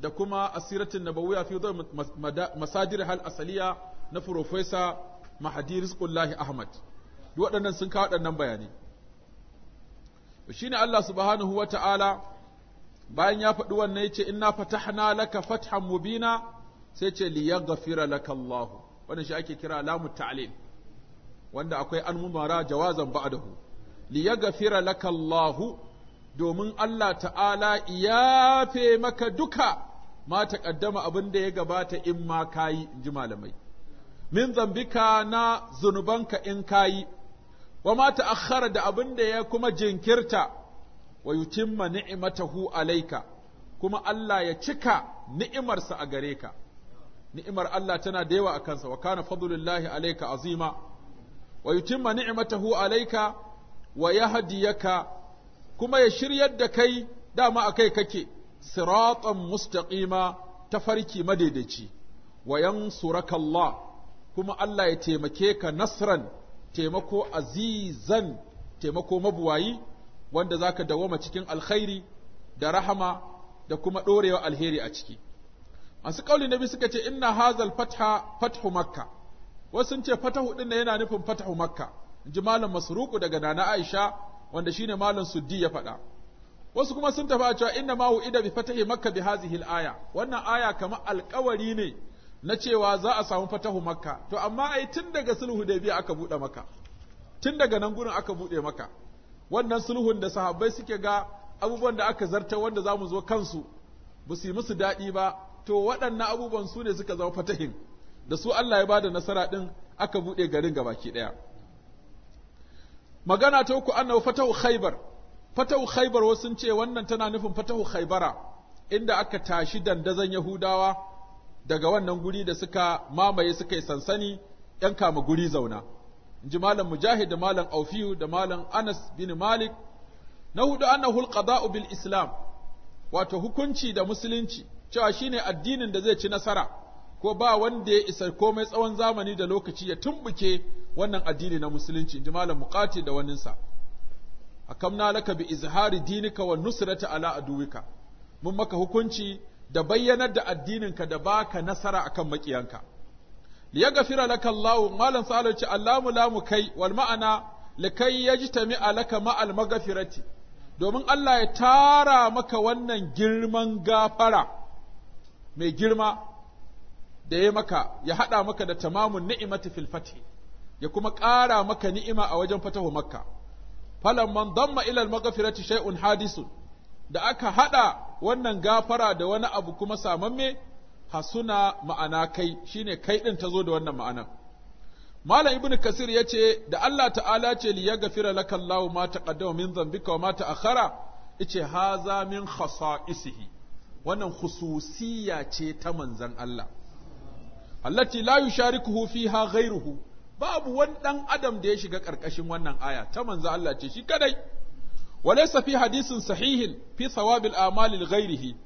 da kuma asiratun nabawiyya fi zai masadir hal asaliya na Profesa Mahadi Rizqullahi Ahmad duk waɗannan sun kawo waɗannan bayanai shine Allah subhanahu wata'ala bayan ya faɗi wannan yace inna fatahna laka fathan mubina sai ce gafira laka Allah wannan shi ake kira lamu ta'lil wanda akwai almumara jawazan ba'dahu gafira laka Allah domin Allah ta'ala yafe maka duka ma taƙaddama abin da ya gabata in ma kayi in ji malamai min zambika na zunubanka in kayi wa ma ta'akhkhara da abin da ya kuma jinkirta wa yutimma ni'matahu alayka kuma Allah ya cika ni'imarsa a gare ka ni'imar Allah tana da yawa a kansa wa kana fadlullahi alayka azima wa yutimma ni'matahu alayka wa yahdiyaka kuma ya shiryar da kai dama akai kake siratan mustaqima farki madaidaici wa yansuraka Allah kuma Allah ya taimake ka nasran taimako azizan taimako mabuwayi wanda zaka dawoma cikin alkhairi da rahama da kuma ɗorewa alheri a ciki masu kauli nabi suka ce inna hazal fatha fathu makka wasu sun ce fatahu na yana nufin fatahu makka inji malam masruku daga nana aisha wanda shine malam suddi ya faɗa wasu kuma sun tafi a cewa inna mawu ida bi fatahi makka bi hazihi aya wannan aya kamar alƙawari ne na cewa za a samu fatahu makka to amma ai tun daga sulhu da biya aka bude maka tun daga nan gurin aka bude maka wannan sulhun da sahabbai suke ga abubuwan da aka zarta wanda za mu zo kansu ba su yi musu daɗi ba to waɗannan abubuwan su ne suka zama fatahin da su Allah ya bada nasara ɗin aka buɗe garin gabaki ɗaya magana ta uku annabi fatahu khaybar fatahu khaybar wasu ce wannan tana nufin fatahu khaybara inda aka tashi dandazan yahudawa daga wannan guri da suka mamaye suka yi sansani ‘yan kama guri zauna, in ji Malam Mujahid da Malam Aufiyu da Malam Anas bin Malik, na hudu ana hulƙada'u bil Islam, wato hukunci da musulunci, cewa shi ne addinin da zai ci nasara, ko ba wanda ya isa komai tsawon zamani da lokaci ya tumbuke wannan addini na musulunci, in ji Malam Muƙati da waninsa. na laka bi izhari dinika wa nusrata ala aduwika. Mun maka hukunci da bayyanar da addininka da baka nasara akan makiyanka gafira laka Allahu malan salo ce Allahu lamu kai wal ma'ana likai yajtami alaka ma'al maghfirati domin Allah ya tara maka wannan girman gafara mai girma da ya maka ya haɗa maka da tamamun ni'imati fil fati, ya kuma ƙara maka ni'ima a wajen fatahu makka falamman damma ila al maghfirati shay'un hadisun da aka haɗa wannan gafara da wani abu kuma samamme hasuna ma'ana kai shine kai ɗin ta zo da wannan ma'ana Malam Ibn Kasir ya ce, Da Allah ta'ala ce li ya gafira laka Allah ma taqaddama min zambika wa ma ta'akhara, ice haza min khasa'isihi. Wannan khususiya ce ta manzan Allah. Allati la yushariku fiha ghairuhu. Babu wani ɗan adam da ya shiga ƙarƙashin wannan aya ta manzan Allah ce shi kadai. walaysa fi hadisin sahihin fi thawabil a'mali li ghairihi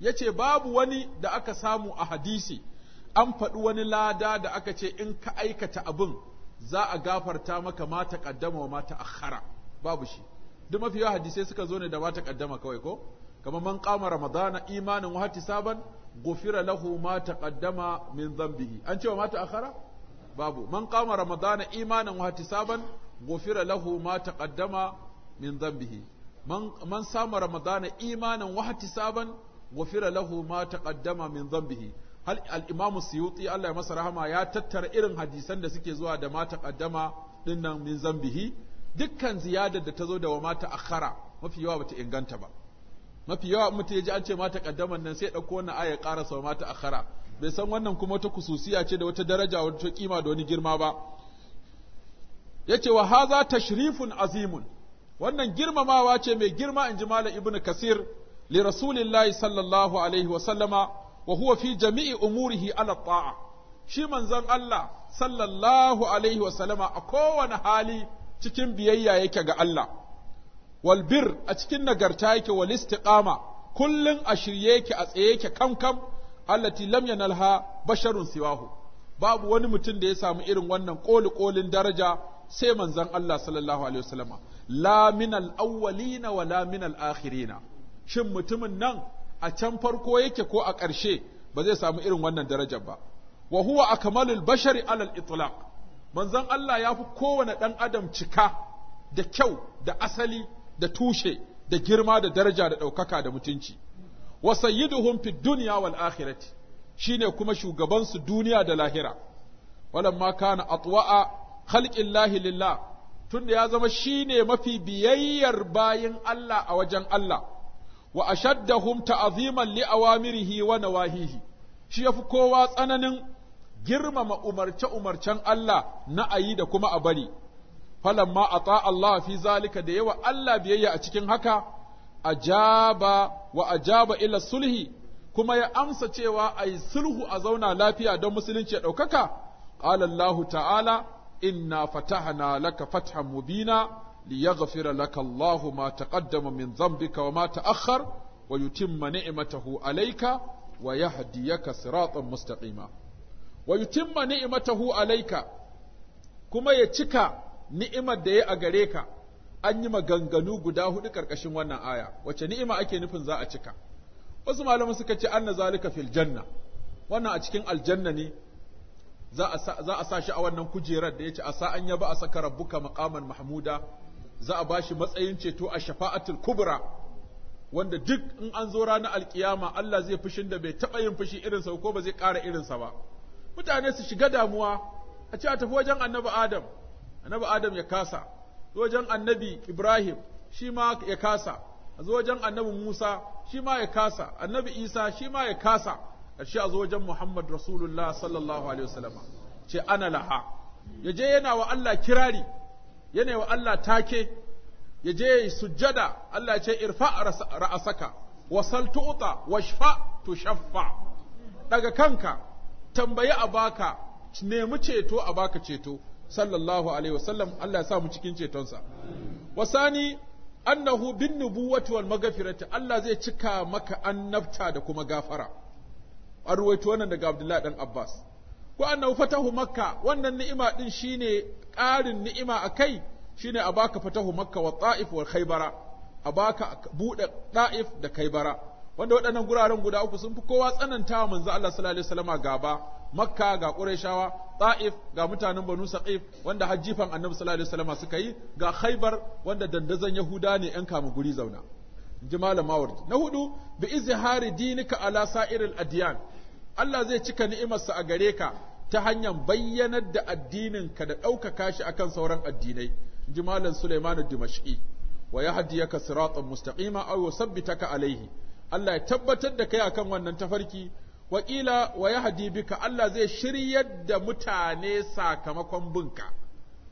yace babu wani da aka samu a hadisi an faɗi wani lada da aka ce in ka aikata abin za a gafarta maka mata taqaddama wa mata akhara, babu shi duk mafi yawa hadisai suka zo ne da mata taqaddama kawai ko kamar man qama ramadana imanin wa ihtisaban gufira lahu mata taqaddama min dhanbihi an ce wa mata akhara? babu man qama ramadana imanin wa ihtisaban gufira lahu mata taqaddama min dhanbihi man man sama ramadana imanan wa ihtisaban ghufira lahu ma taqaddama min dhanbihi hal al-imam suyuti Allah ya masa rahama ya tattara irin hadisan da suke zuwa da ma taqaddama dinnan min dhanbihi dukkan ziyadar da ta zo da wa ma ta'akhara mafi yawa bata inganta ba mafi yawa mutum ya ji an ce ma taqaddaman nan sai dauko wannan aya karasa wa ma ta'akhara bai san wannan kuma wata kususiya ce da wata daraja wata kima da wani girma ba yace wa haza tashrifun azimun wannan girmamawa ce mai girma in ji malam ibnu kasir li rasulillahi sallallahu alaihi wa sallama wa huwa fi jami'i umurihi ala ta'a shi manzon Allah sallallahu alaihi wa sallama a kowane hali cikin biyayya yake ga Allah wal bir a cikin nagarta yake wal istiqama kullun a shirye yake a tsaye yake kamkam allati lam yanalha basharun siwahu babu wani mutum da ya samu irin wannan koli kolin daraja sai manzon Allah sallallahu alaihi sallama. la min al wa la min al shin mutumin nan a can farko yake ko a ƙarshe ba zai samu irin wannan darajar ba wa huwa akmalul bashari alal itlaq manzon Allah ya fi kowane ɗan adam cika da kyau da asali da tushe da girma da daraja da ɗaukaka da mutunci wa sayyiduhum fid dunya wal akhirati shine kuma shugabansu duniya da lahira walamma kana atwa'a khalqillahi lillah tunda ya zama shi ne mafi biyayyar bayin Allah a wajen Allah wa a shaddahum li awamirihi wa nawahihi shi ya fi kowa tsananin girmama umarce umarcen Allah na ayi da kuma a bari falamma ata Allah fi zalika da yawa Allah biyayya a cikin haka A ajaba wa a ajaba ila sulhi kuma ya amsa cewa a yi sulhu a zauna lafiya don musulunci ya ɗaukaka Alallahu ta'ala inna fataha na laka fathan mubina liyaghfira laka Allahu ma taqaddama min dhanbika wa ma ta'akhkhar wa yutimma ni'matahu alayka wa yahdiyaka siratan mustaqima wa yutimma ni'matahu alayka kuma ya cika ni'imar da ya a gare ka an yi maganganu guda hudu ƙarƙashin wannan aya wace ni'ima ake nufin za a cika wasu malaman suka ce anna zalika fil janna wannan a cikin aljanna ne za a sa shi a wannan kujerar da ya ce a sa an yaba a saka rabbuka maqaman mahmuda za a shi matsayin ceto a shafa'atul kubra wanda duk in an zo ranar alkiyama Allah zai fushin da bai taɓa yin fushi irin irinsa ko ba zai ƙara irinsa ba mutane su shiga damuwa a ce a tafi wajen annabi adam annabi adam ya kasa wajen annabi ibrahim shi ma ya kasa a zo wajen annabi musa shi ma ya kasa annabi isa shi ma ya kasa ƙarshe a zo wajen Muhammad Rasulullah sallallahu alaihi wasallama ce ana laha ya je yana wa Allah kirari yana wa Allah take ya je sujjada Allah ce irfa ra'asaka wasal tu'ta washfa tushaffa daga kanka tambayi a baka nemi ceto a baka ceto sallallahu alaihi wasallam Allah ya sa mu cikin cetonsa wasani annahu bin nubuwati wal magfirati Allah zai cika maka annabta da kuma gafara an ruwaito wannan daga Abdullahi dan Abbas ko annabi fatahu makka wannan ni'ima din shine ƙarin ni'ima akai shine a baka fatahu makka wa ta'if wa khaybara a baka bude ta'if da khaybara wanda waɗannan guraren guda uku sun fi kowa tsananta manzo Allah sallallahu alaihi wasallama gaba makka ga qurayshawa ta'if ga mutanen banu saqif wanda hajjifan annabi sallallahu alaihi wasallama suka yi ga khaybar wanda dandazan yahuda ne yan kama guri zauna ji na hudu bi izhari dinika ala sa'iril adyan Allah zai cika ni'imarsa a gare ka ta hanyar bayyanar da addininka da ɗaukaka shi akan sauran addinai ji malam Sulaiman Dimashqi wa ya ka yahdiyaka siratan mustaqima aw ka alaihi Allah ya tabbatar da kai a kan wannan tafarki wa ya wa bi bika Allah zai shiryar da mutane sakamakon bunka.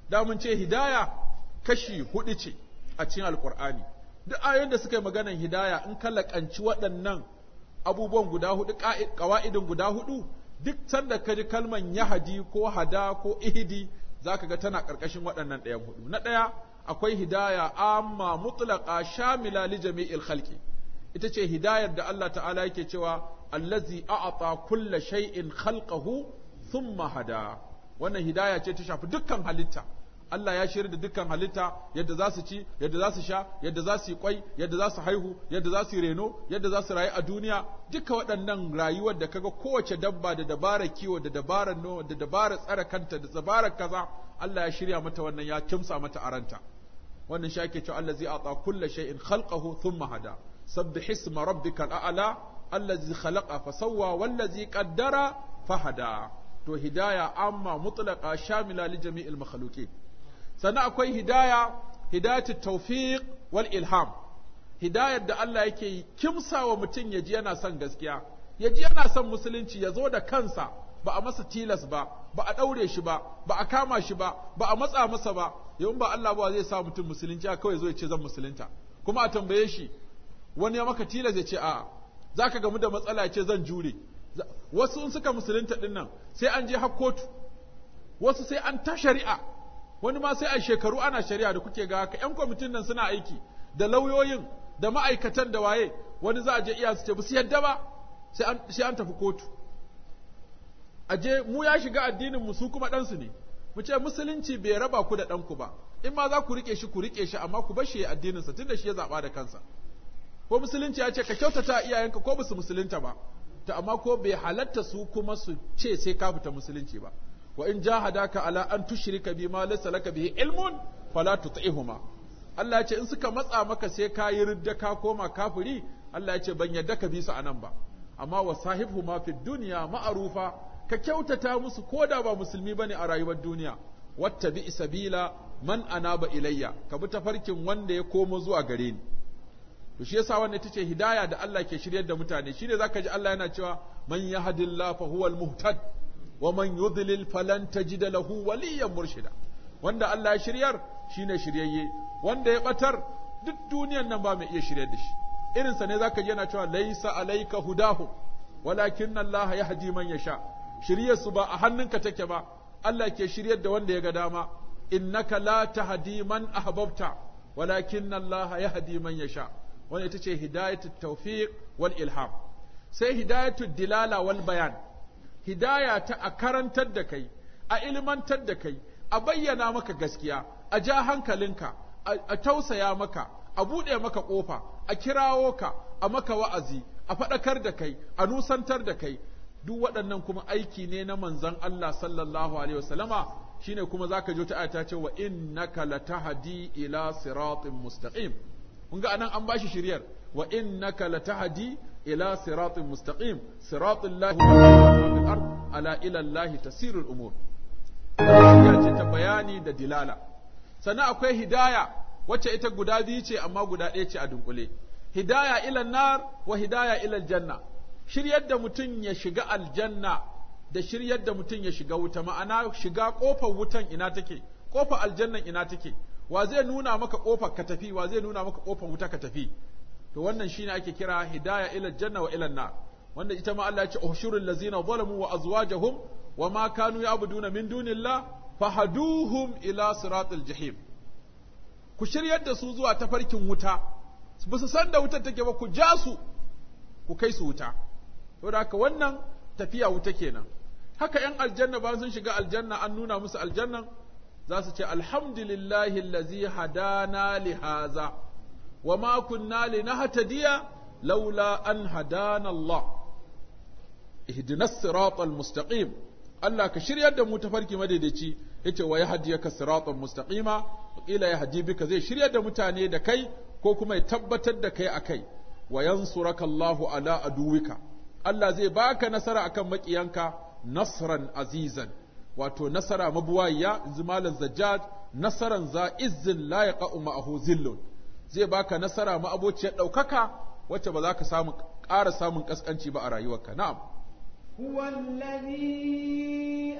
da mun ce hidaya kashi huɗu ce a cikin Alƙur'ani. duk ayoyin da suka yi maganar hidaya in ka lakanci waɗannan abubuwan guda hudu ƙawa'idin guda hudu duk sanda ka ji kalman yahadi ko hada ko ihidi zaka ga tana ƙarƙashin waɗannan ɗayan hudu na ɗaya akwai hidaya amma mutlaqa shamila li jami'il khalqi ita ce hidayar da Allah ta'ala yake cewa allazi a'ata kulla shay'in khalqahu thumma hada wannan hidaya ce ta shafi dukkan halitta Allah ya shirya da dukkan halitta yadda za su ci yadda za su sha yadda za su yi kwai yadda za su haihu yadda za su yi reno yadda za su rayu a duniya duka waɗannan rayuwar da kaga kowace dabba da dabarar kiwo da dabarar noma da dabarar tsare kanta da dabarar kaza Allah ya shirya mata wannan ya kimsa mata aranta wannan shi ake cewa allazi ata kulli shay'in khalqahu thumma hada sabbih isma rabbikal a'la allazi khalaqa fasawwa wallazi qaddara fahada to hidaya amma mutlaqa shamila li jami'il makhluqin sannan akwai hidaya hidayatul tawfiq wal ilham hidayar da Allah yake wa mutum ya ji yana son gaskiya ya ji yana son musulunci ya zo da kansa ba a masa tilas ba ba a ɗaure shi ba ba a kama shi ba ba a matsa masa ba yawan ba Allah ba zai sa mutum musulunci a kawai zo ya ce zan musulunta kuma a tambaye shi wani ya maka tilas ya ce a'a zaka gamu da matsala ya ce zan jure wasu in suka musulunta ɗin nan sai an je har kotu wasu sai an ta shari'a wani ma sai a shekaru ana shari'a da kuke ga haka yan kwamitin nan suna aiki da lauyoyin da ma'aikatan da waye wani za a je iya su ce su yadda ba sai an tafi kotu a je mu ya shiga addinin mu su kuma ɗansu ne mu ce musulunci bai raba ku da ɗanku ba in ma za ku rike shi ku rike shi amma ku bar shi ya addininsa da shi ya zaɓa da kansa ko musulunci ya ce ka kyautata iyayenka ko ba su musulunta ba to amma ko bai halatta su kuma su ce sai ka fita musulunci ba wa in jahadaka ala an tushrika bima laysa laka bihi ilmun fala tut'ihuma Allah ya ce in suka matsa maka sai ka yi ridda ka koma kafiri Allah ya ce ban yadda ka bi su anan ba amma wa ma fid dunya ma'rufa ka kyautata musu ko da ba musulmi bane a rayuwar duniya bi sabila man anaba ilayya ka bi tafarkin wanda ya komo zuwa gare ni to shi yasa wannan tace hidaya da Allah ke shiryar da mutane shine zaka ji Allah yana cewa man yahdillahu fa huwal muhtad wa man yudlil falan da lahu waliyan murshida wanda Allah ya shiryar shine shiryayye wanda ya batar duk duniyan nan ba mai iya shiryar da shi irin sa ne zaka ji yana cewa laisa alayka hudahu walakin Allah yahdi man yasha shiryar su ba a hannunka take ba Allah ke shiryar da wanda ya ga dama innaka la tahdi man ahbabta walakin Allah yahdi man yasha wannan ita ce hidayatut tawfiq wal ilham sai hidayatut dilala wal bayan hidaya ta a karantar da kai a ilmantar da kai a bayyana maka gaskiya a ja hankalinka a tausaya maka a buɗe maka ƙofa a kirawo ka a maka wa'azi a faɗakar da kai a nusantar da kai duk waɗannan kuma aiki ne na manzan Allah sallallahu alaihi wasallama shine kuma zaka je ta ayata ce wa innaka latahdi ila siratin mustaqim kun ga anan an ba shi shiryar wa innaka latahdi ila siratin mustaqim siratin lahi fil ard ala ila lahi tasirul umur ya ce ta bayani da dilala sannan akwai hidaya Wace ita guda biyu ce amma guda ɗaya ce a dunkule hidaya ila nar wa hidaya ila janna shiryar da mutum ya shiga aljanna da shiryar da mutum ya shiga wuta ma'ana shiga kofar wutan ina aljannan ina take wa zai nuna maka wa zai nuna maka kofar wuta ka tafi to wannan shine ake kira hidaya ila janna wa ila nar wanda ita ma Allah ya ce ushurul lazina zalamu wa azwajuhum wa ma kanu ya'buduna min dunillah fahaduhum ila siratil jahim ku shiryar da su zuwa tafarkin wuta ba su san da wutar take ba ku ja su ku kai su wuta saboda haka wannan tafiya wuta kenan haka ‘yan aljanna ba sun shiga aljanna an nuna musu aljannan za su ce alhamdulillahi lazi hadana lihaza wa ma kunna linahtadiya laula an hadana Allah ihdinas siratal mustaqim Allah ka shiryar da mu ta farki madaidaici yace wa yahdiyaka siratal mustaqima ila yahdi bika zai shiryar da mutane da kai ko kuma ya tabbatar da kai akai wa yansuraka Allahu ala aduwika Allah zai baka nasara akan makiyanka nasran azizan wato nasara mabuwayya zumalan zajjaj nasaran za'izzin la yaqa'u ma'ahu zillun zai baka nasara abociyar ɗaukaka wacce ba za ka samu ƙara samun ƙasƙanci ba a rayuwarka na'am
huwa an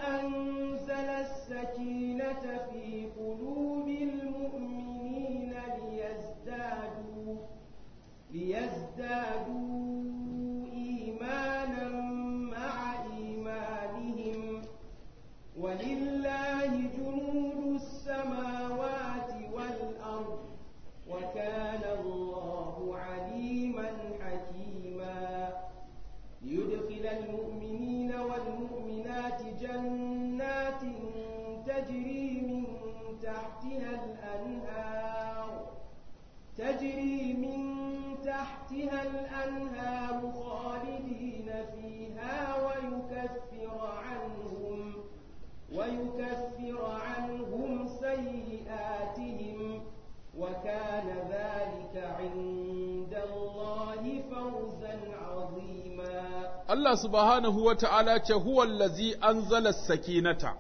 anzala na sakinata fi qulubil mu'minina liyazdadu liyazdadu ولله جنود السماوات والأرض وكان الله عليما حكيما ليدخل المؤمنين والمؤمنات جنات
Allah subhanahu wa ta'ala ce huwallazi anzala sakinata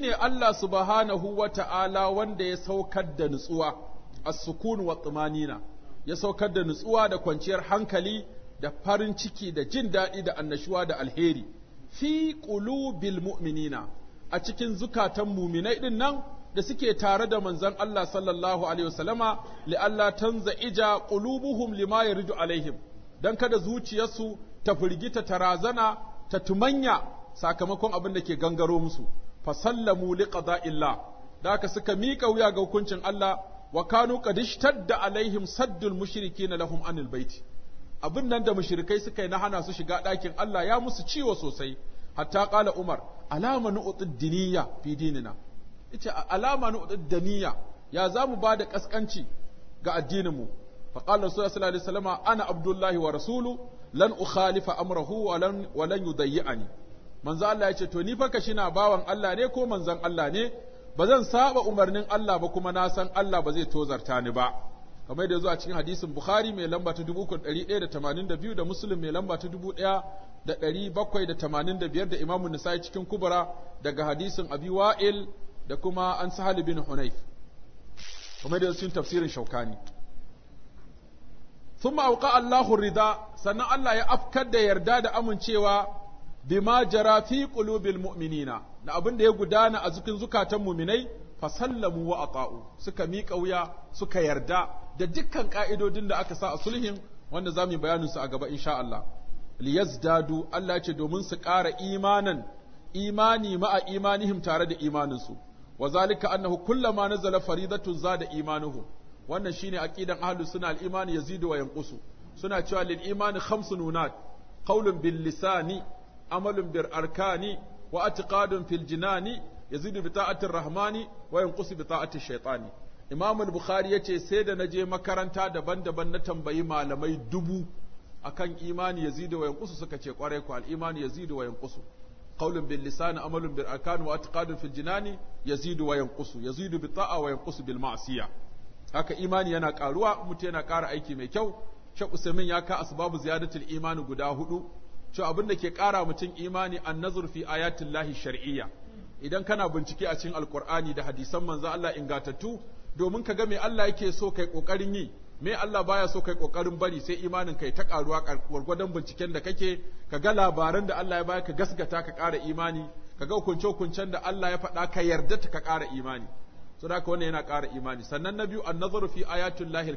ne Allah subhanahu wa ta'ala wanda ya saukar da nutsuwa a sukun wa tsumanina ya saukar da nutsuwa da kwanciyar hankali da farin ciki da jin daɗi da annashuwa da alheri fi ƙulubil mu'minina a cikin zukatan muminai ɗin nan da suke tare da manzon Allah sallallahu alaihi wasallama li allah tanza ija ƙulubuhum lima yarju alaihim don kada zuciyarsu ta firgita ta razana ta tumanya sakamakon abin da ke gangaro musu fa sallamu liqada'illah da haka suka mika wuya ga hukuncin Allah wa kanu qad ishtadda alaihim saddul mushrikeena lahum anil baiti abin nan da mushrikai suka yi na hana su shiga ɗakin Allah ya musu ciwo sosai hatta qala umar alama nu'tud diniya fi dinina yace alama nu'tud daniya ya zamu bada kaskanci ga addinin mu فقال رسول صلى الله عليه وسلم أنا عبد الله ورسوله لن أخالف أمره ولن, ولن يضيعني manzo Allah ya ce to ni fa kashi na bawan Allah ne ko manzon Allah ne ba zan saba umarnin Allah ba kuma na san Allah ba zai tozarta ni ba kamar da zuwa cikin hadisin Bukhari mai lamba ta 3182 da Muslim mai lamba ta 1785 da Imam Nasa'i cikin Kubra daga hadisin Abi Wa'il da kuma an Sahal bin Hunayf kamar da cikin tafsirin Shaukani thumma auqa Allahu rida sannan Allah ya afkar da yarda da amincewa bima jara fi qulubil mu'minina abin da ya gudana a cikin zukatan mu'minai fa sallamu wa aqa'u suka miƙa wuya suka yarda da dukkan ka'idodin da aka sa a sulhin wanda zamu yi bayanin su a gaba in insha Allah dadu Allah ce domin su ƙara imanan imani ma'a imanihim tare da imaninsu Wazalika zalika annahu kullama nazala faridatun zada imanuhu. wannan shine aqidan ahlus sunna al iman yazidu wa yanqusu suna cewa lil iman khamsu nunat qawlun bil lisani amalun bil arkani wa i'tiqadun fil jinani yazidu bi ta'atir rahmani wa yanqusu bi ta'atir shaytani Imam al-Bukhari yace sai da naje makaranta daban-daban na tambayi malamai dubu akan imani yazidu wa yanqusu suka ce kwarai ku al-imani yazidu wa yanqusu qawlun bil lisan amalun bil arkan wa i'tiqadun fil jinani yazidu wa yanqusu yazidu bi ta'a wa yanqusu bil ma'siyah haka imani yana karuwa mutum yana kara aiki mai kyau Sheikh Usaimin ya ka asbabu ziyadatul imani guda hudu to abin da ke kara mutum imani annazur fi ayatin lahi shar'iyya idan kana bincike a cikin alkur'ani da hadisan manzo Allah ingatattu domin ka ga me Allah yake so kai kokarin yi me Allah baya so kai kokarin bari sai imanin kai ta karuwa gwargwadon binciken da kake ka ga labaran da Allah ya baya ka gasgata ka kara imani kaga ga hukunce-hukuncen da Allah ya faɗa ka yarda ta ka kara imani saboda haka wannan yana ƙara imani sannan na biyu an-nazaru fi ayatul lahil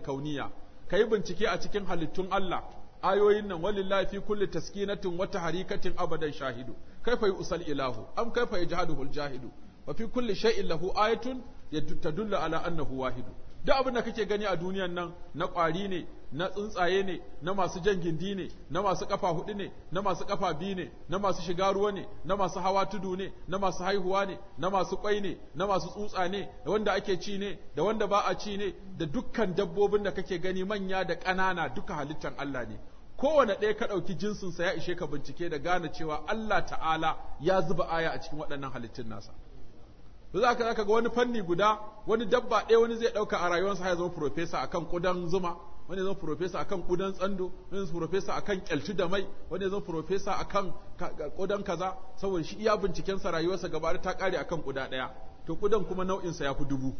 Ka yi bincike a cikin halittun Allah ayoyin nan walillahi fi kulli taskinatin hari-katin abadan shahidu kaifa usal ilahu am kaifa yajhaduhu al-jahidu wa fi kulli shay'in lahu ayatun tadullu ala annahu wahidu duk abin da kake gani a duniyan nan na ƙwari ne na tsuntsaye ne na masu jan gindi ne na masu kafa hudu ne na masu kafa biyu ne na masu shiga ruwa ne na masu hawa tudu ne na masu haihuwa ne na masu kwai ne na masu tsutsa ne da wanda ake ci ne da wanda ba a ci ne da dukkan dabbobin da kake gani manya da ƙanana duka halittan Allah ne kowane ɗaya ka ɗauki jinsinsa ya ishe ka bincike da gane cewa Allah ta'ala ya zuba aya a cikin waɗannan halittun nasa za ka ga wani fanni guda wani dabba ɗaya wani zai ɗauka a rayuwarsa ya zama profesa akan ƙudan zuma wani zama profesa akan kudan tsando wani zama profesa akan kyalci da mai wani zama profesa akan kudan kaza saboda shi iya binciken sa rayuwarsa gaba da ta kare akan kuda daya to kudan kuma nau'in sa fi dubu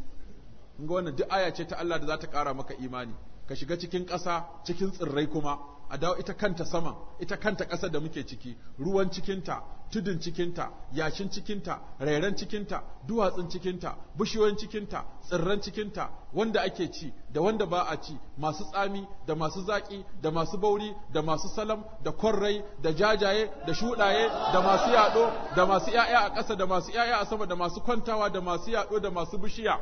kun ga wannan duk aya ce ta Allah da za ta kara maka imani ka shiga cikin ƙasa cikin tsirrai kuma a dawo ita kanta sama ita kanta ƙasa da muke ciki ruwan cikinta tudun cikinta yashin cikinta rairan cikinta duwatsun cikinta bushiyoyin cikinta tsirran cikinta wanda ake ci da wanda ba a ci masu tsami da masu zaƙi da masu bauri da masu salam da kwarrai da jajaye da shuɗaye da masu yaɗo da masu ‘ya'ya a ƙasa da masu ‘ya'ya a sama da masu kwantawa da masu yaɗo da masu bishiya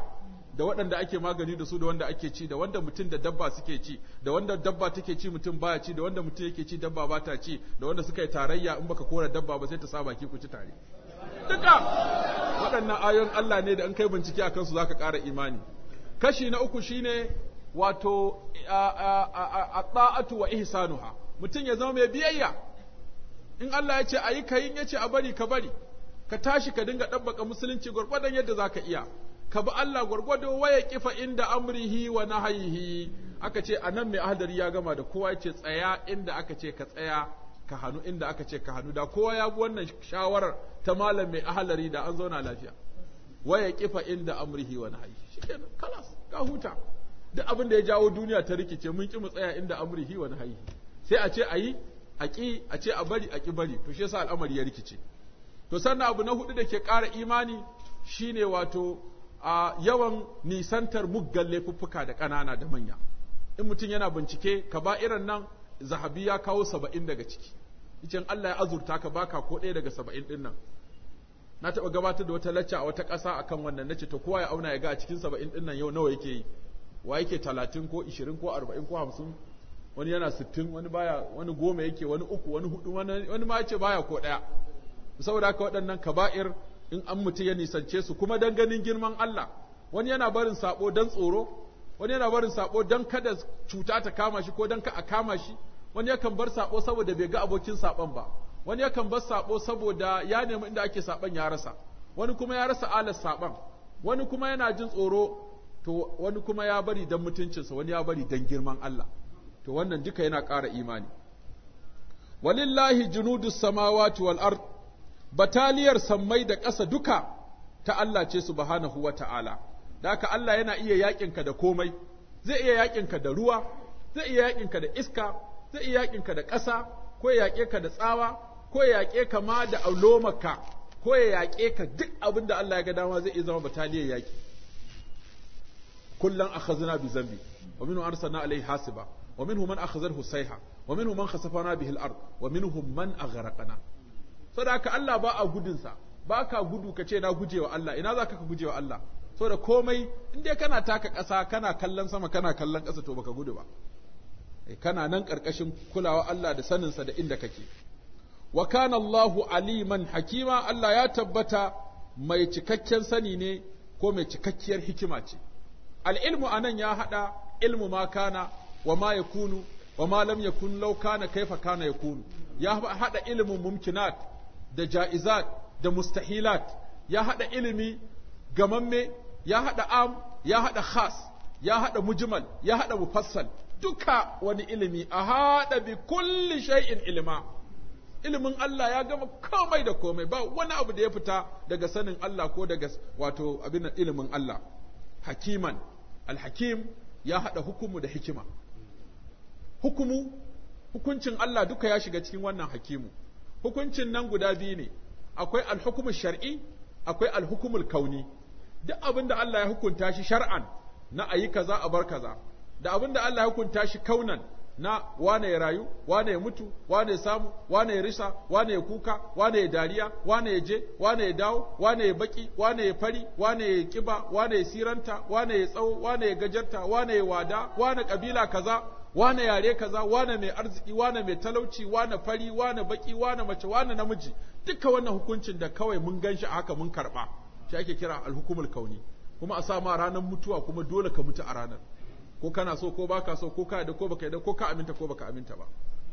da waɗanda ake magani da su da wanda ake ci da wanda mutum da dabba suke ci da wanda dabba take ci mutum baya ci da wanda mutum yake ci dabba ba ta ci da wanda suka yi tarayya in baka kora dabba ba sai ta saba ki ku ci tare duka waɗannan ayoyin Allah ne da in kai bincike akan su zaka ƙara imani kashi na uku shine wato ta'atu wa ihsanuha mutum ya zama mai biyayya in Allah ya ce ayi kayin ya ce a bari ka bari ka tashi ka dinga ɗabbaka musulunci gurbadan yadda zaka iya ka bi Allah gwargwado waya kifa inda amrihi wa nahayihi aka ce anan mai ahdari ya gama da kowa ce tsaya inda aka ce ka tsaya ka hannu inda aka ce ka hannu da kowa ya bi wannan shawarar ta malam mai ahlari da an zauna lafiya waya kifa inda amrihi wa nahayihi shikenan kalas ka huta duk abin da ya jawo duniya ta rikice mun ki mu tsaya inda amrihi wa nahayihi sai a ce ayi a ki a ce a bari a ki bari to shi yasa al'amari ya rikice to sannan abu na hudu da ke ƙara imani shine wato a yawan nisantar muggan laifuffuka da ƙanana da manya in mutum yana bincike ka ba irin nan zahabi ya kawo saba'in daga ciki icen Allah ya azurta ka baka ko ɗaya daga saba'in ɗin nan na taɓa gabatar da wata lacca a wata ƙasa akan wannan nace to kowa ya auna ya ga a cikin saba'in ɗin nan yau nawa yake yi wa yake talatin ko ishirin ko arba'in ko hamsin wani yana sittin wani baya wani goma yake wani uku wani hudu wani ma yace baya ko ɗaya saboda haka waɗannan kaba'ir in an mutu ya nisance su kuma dan ganin girman Allah wani yana barin sabo dan tsoro wani yana barin sabo dan kada cuta ta kama shi ko dan ka a kama shi wani yakan bar sabo saboda bai ga abokin saban ba wani yakan bar sabo saboda ya nemi inda ake saban ya rasa wani kuma ya rasa alas saban wani kuma yana jin tsoro to wani kuma ya bari dan mutuncinsa wani ya bari dan girman Allah to wannan duka yana ƙara imani walillahi junudus samawati wal ard bataliyar sammai da ƙasa duka ta Allah ce subhanahu wa ta'ala, da haka Allah yana iya yaƙinka da komai, zai iya yaƙinka da ruwa, zai iya yaƙinka da iska, zai iya yaƙinka da ƙasa, ko ya yaƙe ka da tsawa, ko ya yaƙe ka ma da aulomaka, ko ya yaƙe ka duk abin da Allah ya ga dama zai iya zama bataliyar yaƙi. Kullum akhazna bi zambi, wa minhu arsalna Alayhi hasiba, wa minhu man akhazar husaiha, wa minhu man khasafana bihi al-ard, wa minhum man aghraqna. saboda haka Allah ba a gudunsa ba ka gudu ka ce na guje wa Allah ina za ka ka wa Allah saboda komai in dai kana taka ƙasa kana kallon sama kana kallon ƙasa to baka gudu ba eh, kana nan ƙarƙashin kulawa Allah da saninsa da inda kake wa kana Allahu aliman hakima Allah ya tabbata mai cikakken sani ne ko mai cikakkiyar hikima ce al-ilmu anan ya hada ilmu ma kana wa ma yakunu wa ma lam yakun law kana kaifa kana yakunu ya hada ilmu mumkinat da ja'izat da mustahilat ya haɗa ilimi gamamme ya haɗa am ya haɗa khas ya haɗa mujmal ya haɗa mufassal duka wani ilimi a haɗa bi kulli shay'in ilma ilimin Allah ya gama komai da komai ba wani abu da ya fita daga sanin Allah ko daga wato abin ilimin Allah hakiman alhakim ya haɗa hukumu da hikima hukumu hukuncin Allah duka ya shiga cikin wannan hakimu hukuncin nan guda biyu ne akwai alhukumul shar'i akwai alhukumul kauni duk abin da Allah ya hukunta shi shar'an na ayi kaza a bar kaza da abin da Allah ya hukunta shi kaunan na wane ya rayu wane ya mutu wane ya samu wane ya risa wane ya kuka wane ya dariya wane ya je wane ya dawo wane ya baki wane ya fari wane ya kiba wane ya siranta wane ya tsawo wane ya gajarta wane ya wada wane kabila kaza wane yare kaza wane mai arziki wane mai talauci wane fari wane baki wane mace wane namiji duka wannan hukuncin da kawai mun ganshi a haka mun karba shi ake kira alhukumul kauni kuma a sa ma ranar mutuwa kuma dole ka mutu a ranar ko kana so ko baka so ko ka da ko baka da ko ka aminta ko baka aminta ba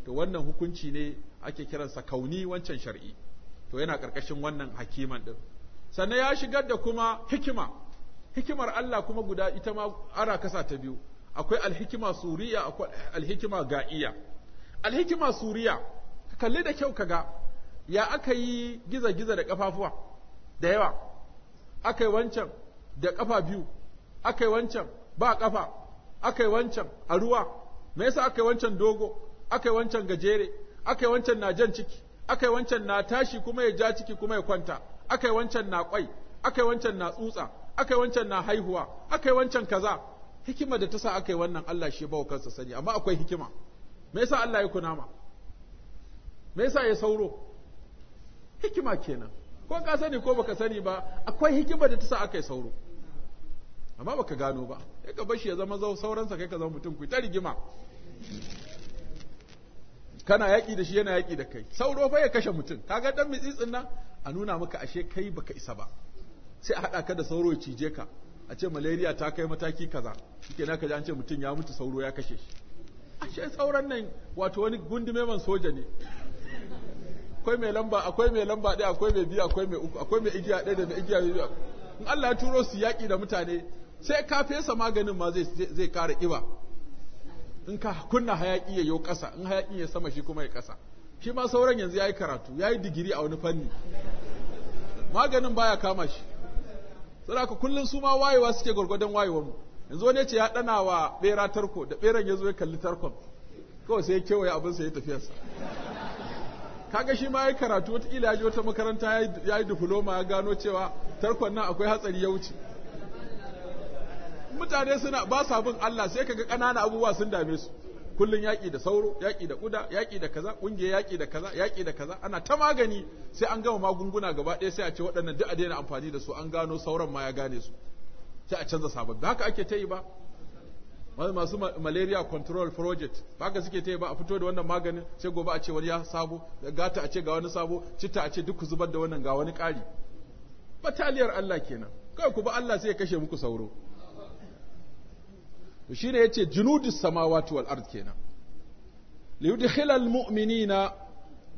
to wannan hukunci ne ake kiransa kauni wancan shar'i to yana karkashin wannan hakiman din sannan ya shigar da kuma hikima hikimar Allah kuma guda ita ma ara kasa ta biyu akwai alhikima suriya akwai alhikima ga'iya alhikima suriya kalli da kyau kaga ya aka yi giza-giza da kafafuwa da yawa aka yi wancan da kafa biyu aka yi wancan ba kafa aka yi wancan a ruwa me yasa aka yi wancan dogo aka yi wancan gajere aka yi wancan na jan ciki aka yi wancan na tashi kuma ya ja ciki kuma ya kwanta aka yi wancan na kwai aka yi wancan na tsutsa aka yi wancan na haihuwa aka yi wancan kaza hikima da ta sa aka yi wannan Allah shi bawa kansa sani amma akwai hikima me yasa Allah ya kunama me yasa ya sauro hikima kenan ko ka sani ko baka sani ba akwai hikima da ta sa aka yi sauro amma baka gano ba kai ka bashi ya zama sa kai ka zama mutum ku ta rigima kana yaki da shi yana yaki da kai sauro fa ya kashe mutum kaga dan mitsitsin nan a nuna maka ashe kai baka isa ba sai a haɗa ka da sauro ya cije ka a ce malaria ta kai mataki kaza shike na kaji an ce mutum ya mutu sauro ya kashe shi A ce sauran nan wato wani gundume man soja ne akwai mai lamba akwai mai lamba ɗaya akwai mai biyu akwai mai uku akwai mai igiya ɗaya da mai igiya biyu in Allah ya turo su yaƙi da mutane sai ka fesa maganin ma zai zai ƙara ƙiba in ka kunna hayaƙi ya yi ƙasa in hayaƙi ya sama shi kuma ya ƙasa shi ma sauran yanzu ya yi karatu ya yi digiri a wani fanni maganin baya kama shi saboda kullum su ma wayewa suke gwargwadon wayewar mu yanzu wani ce ya dana wa bera tarko da ɓeran ya zo ya kalli tarkon kawai sai ya kewaye abin sa ya tafi Ka kaga shi ma ya karatu wata ila ya wata makaranta ya yi diploma ya gano cewa tarkon nan akwai hatsari ya wuce mutane suna ba sa bin Allah sai ka ga ƙanana abubuwa sun dame su kullun yaƙi da sauro yaƙi da kuda yaƙi da kaza ƙungiyar yaƙi da kaza yaƙi da kaza ana ta magani sai an gama magunguna gaba ɗaya sai a ce waɗannan duk a daina amfani da su an gano sauran ma ya gane su sai a canza sababbi haka ake ta yi ba masu malaria control project haka suke ta yi ba a fito da wannan maganin sai gobe a ce wani ya sabo gata a ce ga wani sabo citta a ce duk zubar da wannan ga wani ƙari bataliyar Allah kenan kai ku ba Allah sai ya kashe muku sauro to shine yace junudis samawati wal ard kenan li yudkhilal mu'minina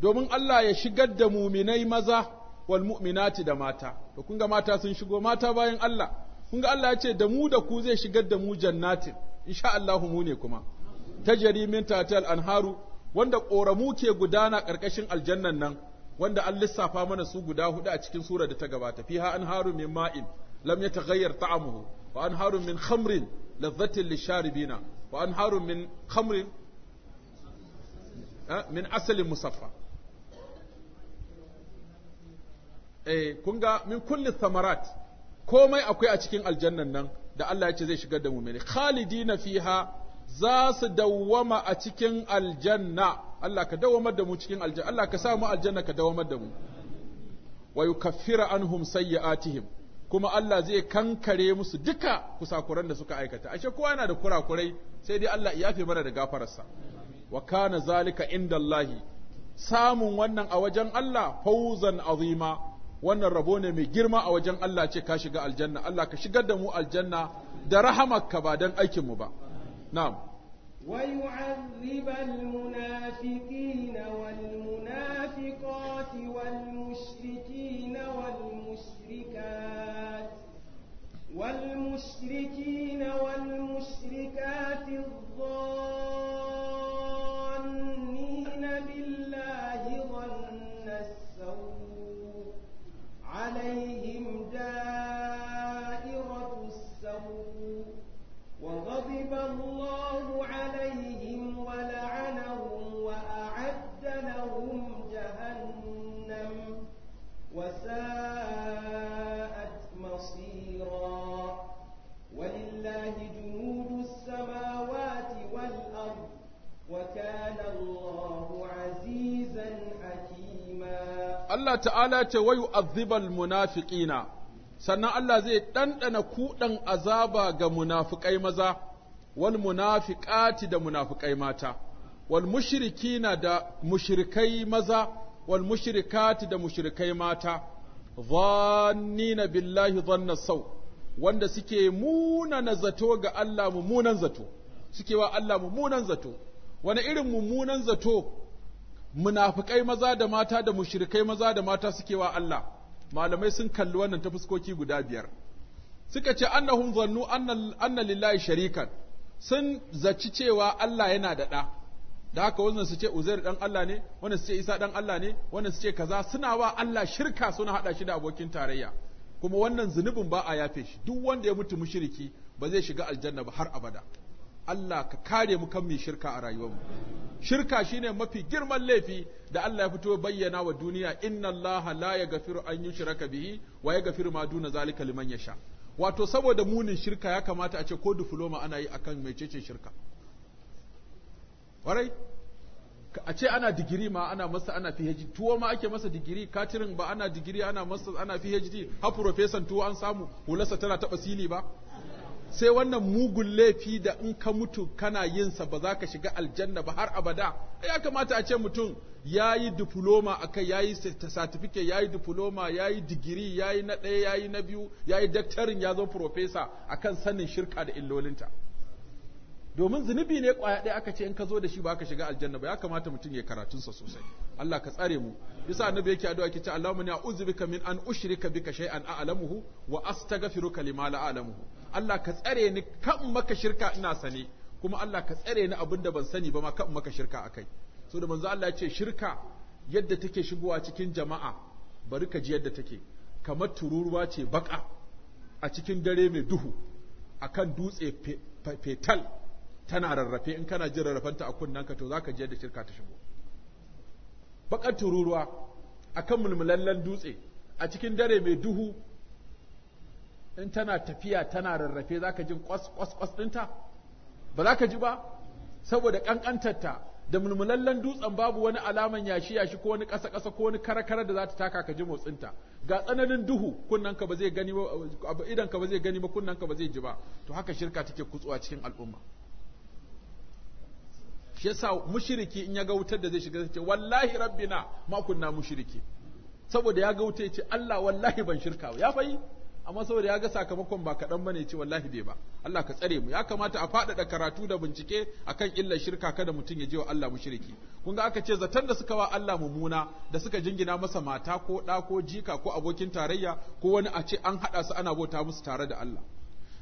domin Allah ya shigar da muminai maza wal mu'minati da mata to kun ga mata sun shigo mata bayan Allah kun ga Allah ya ce da mu da ku zai shigar da mu jannatin insha Allah mu ne kuma tajri min tatal anharu wanda ƙoramu ke gudana ƙarƙashin aljannan nan wanda an lissafa mana su guda hudu a cikin sura da ta gabata fiha anharu min ma'in lam yataghayyar ta'amuhu wa anharun min khamrin lazzatin lisharibina wa anharun min khamrin eh, min asalin musaffa eh kun ga min kulli thamarat komai akwai a cikin aljannan nan da Allah ya ce zai shigar da mu. mu'mini khalidina fiha za su dawwama a cikin aljanna Allah ka dawwamar da mu cikin aljanna Allah ka sa mu aljanna ka dawwamar da mu wa yukaffira anhum sayyi'atihim kuma Allah zai kankare musu duka kusakuran da suka aikata ashe kowa yana da kurakurai sai dai Allah ya yafe mana da gafararsa wa kana zalika indallahi samun wannan a wajen Allah fawzan azima wannan rabo ne mai girma a wajen Allah ce ka shiga aljanna Allah ka shigar da mu aljanna da rahamarka ba dan aikin mu ba na'am
ويعذب المنافقين والمنافقات والمشركين والمشركات والمشركين والمشركات الظانين بالله ظن السوء عليهم دار وغضب الله عليهم ولعنهم وأعد لهم جهنم وساءت مصيرا ولله جنود السماوات والأرض وكان الله عزيزا
حكيما الله تعالى ويؤذب المنافقين sannan Allah zai ɗanɗana kuɗan azaba ga munafukai maza wal munafiqati da munafikai mata wal mushrikina da mushrikai maza wal mushrikati da mushrikai mata dhannina billahi dhanna sau wanda suke munana zato ga Allah mummunan zato suke wa Allah mummunan zato wani irin mummunan zato munafikai maza da mata da mushrikai maza da mata suke wa Allah malamai sun kalli wannan ta fuskoki guda biyar suka ce annahum zannu anna lillahi sharikan sun zaci cewa Allah yana da ɗa da haka wannan su ce Uzair dan Allah ne wannan su ce Isa dan Allah ne wannan su ce kaza suna wa Allah shirka suna haɗa shi da abokin tarayya kuma wannan zunubin ba a yafe shi duk wanda ya mutu mushriki ba zai shiga aljanna ba har abada Allah ka kare mu kan mai shirka a rayuwarmu shirka shine mafi girman laifi da Allah ya fito bayyana wa duniya inna Allah la yaghfiru an yushraka bihi wa yaghfiru ma duna zalika liman yasha wato saboda munin shirka ya kamata a ce ko difloma ana yi akan mecece shirka warai a ce ana digiri ma ana masa ana PhD tuwo ma ake masa digiri katirin ba ana digiri ana masa ana PhD ha professor tuwo an samu hulasa tana taba sili ba sai wannan mugun laifi da in ka mutu kana yinsa ba za ka shiga aljanna ba har abada ya kamata a ce mutum ya yi diploma a kai ya yi certificate ya yi diploma ya yi digiri ya yi na ɗaya ya yi na biyu ya yi daktarin ya zo profesa a kan sanin shirka da illolinta domin zunubi ne kwaya ɗaya aka ce in ka zo da shi ba ka shiga aljanna ba ya kamata mutum ya sa sosai Allah ka tsare mu yasa annabi yake addu'a yake ce Allahumma ni a'udhu bika min an ushrika bika shay'an a'lamuhu wa astaghfiruka lima la a'lamuhu Allah ka tsare ni kan maka shirka ina sane kuma Allah ka tsare ni abinda ban sani ba ma kan maka shirka akai so da manzo Allah ya ce shirka yadda take shigowa cikin jama'a bari ka ji yadda take kamar tururuwa ce baka a cikin dare mai duhu akan dutse fetal tana rarrafe in kana jin rarrafanta a kunnanka to zaka je da shirka ta shigo bakar tururuwa akan mulmulallen dutse a cikin dare mai duhu in tana tafiya tana rarrafe zaka jin kwas kwas kwas dinta ba zaka ji ba saboda kankantarta da mulmulallen dutsen babu wani alaman yashi yashi ko wani ƙasa ƙasa ko wani karakara da za ta taka ka ji motsinta ga tsananin duhu kunnanka ba zai gani ba idanka ba zai gani ba kunnanka ba zai ji ba to haka shirka take kutsuwa cikin al'umma shi yasa mushriki in ya ga wutar da zai shiga zai ce wallahi rabbina ma kunna mushriki saboda ya ga wuta ya ce Allah wallahi ban shirka ba ya fayi amma saboda ya ga sakamakon ba kaɗan ba bane ce wallahi bai ba Allah ka tsare mu ya kamata a faɗaɗa karatu da bincike akan illar shirka kada mutum ya je wa Allah mushriki kun ga aka ce zaton da suka wa Allah mumuna da suka jingina masa mata ko ɗa ko jika ko abokin tarayya ko wani a ce an haɗa su ana bauta musu tare da Allah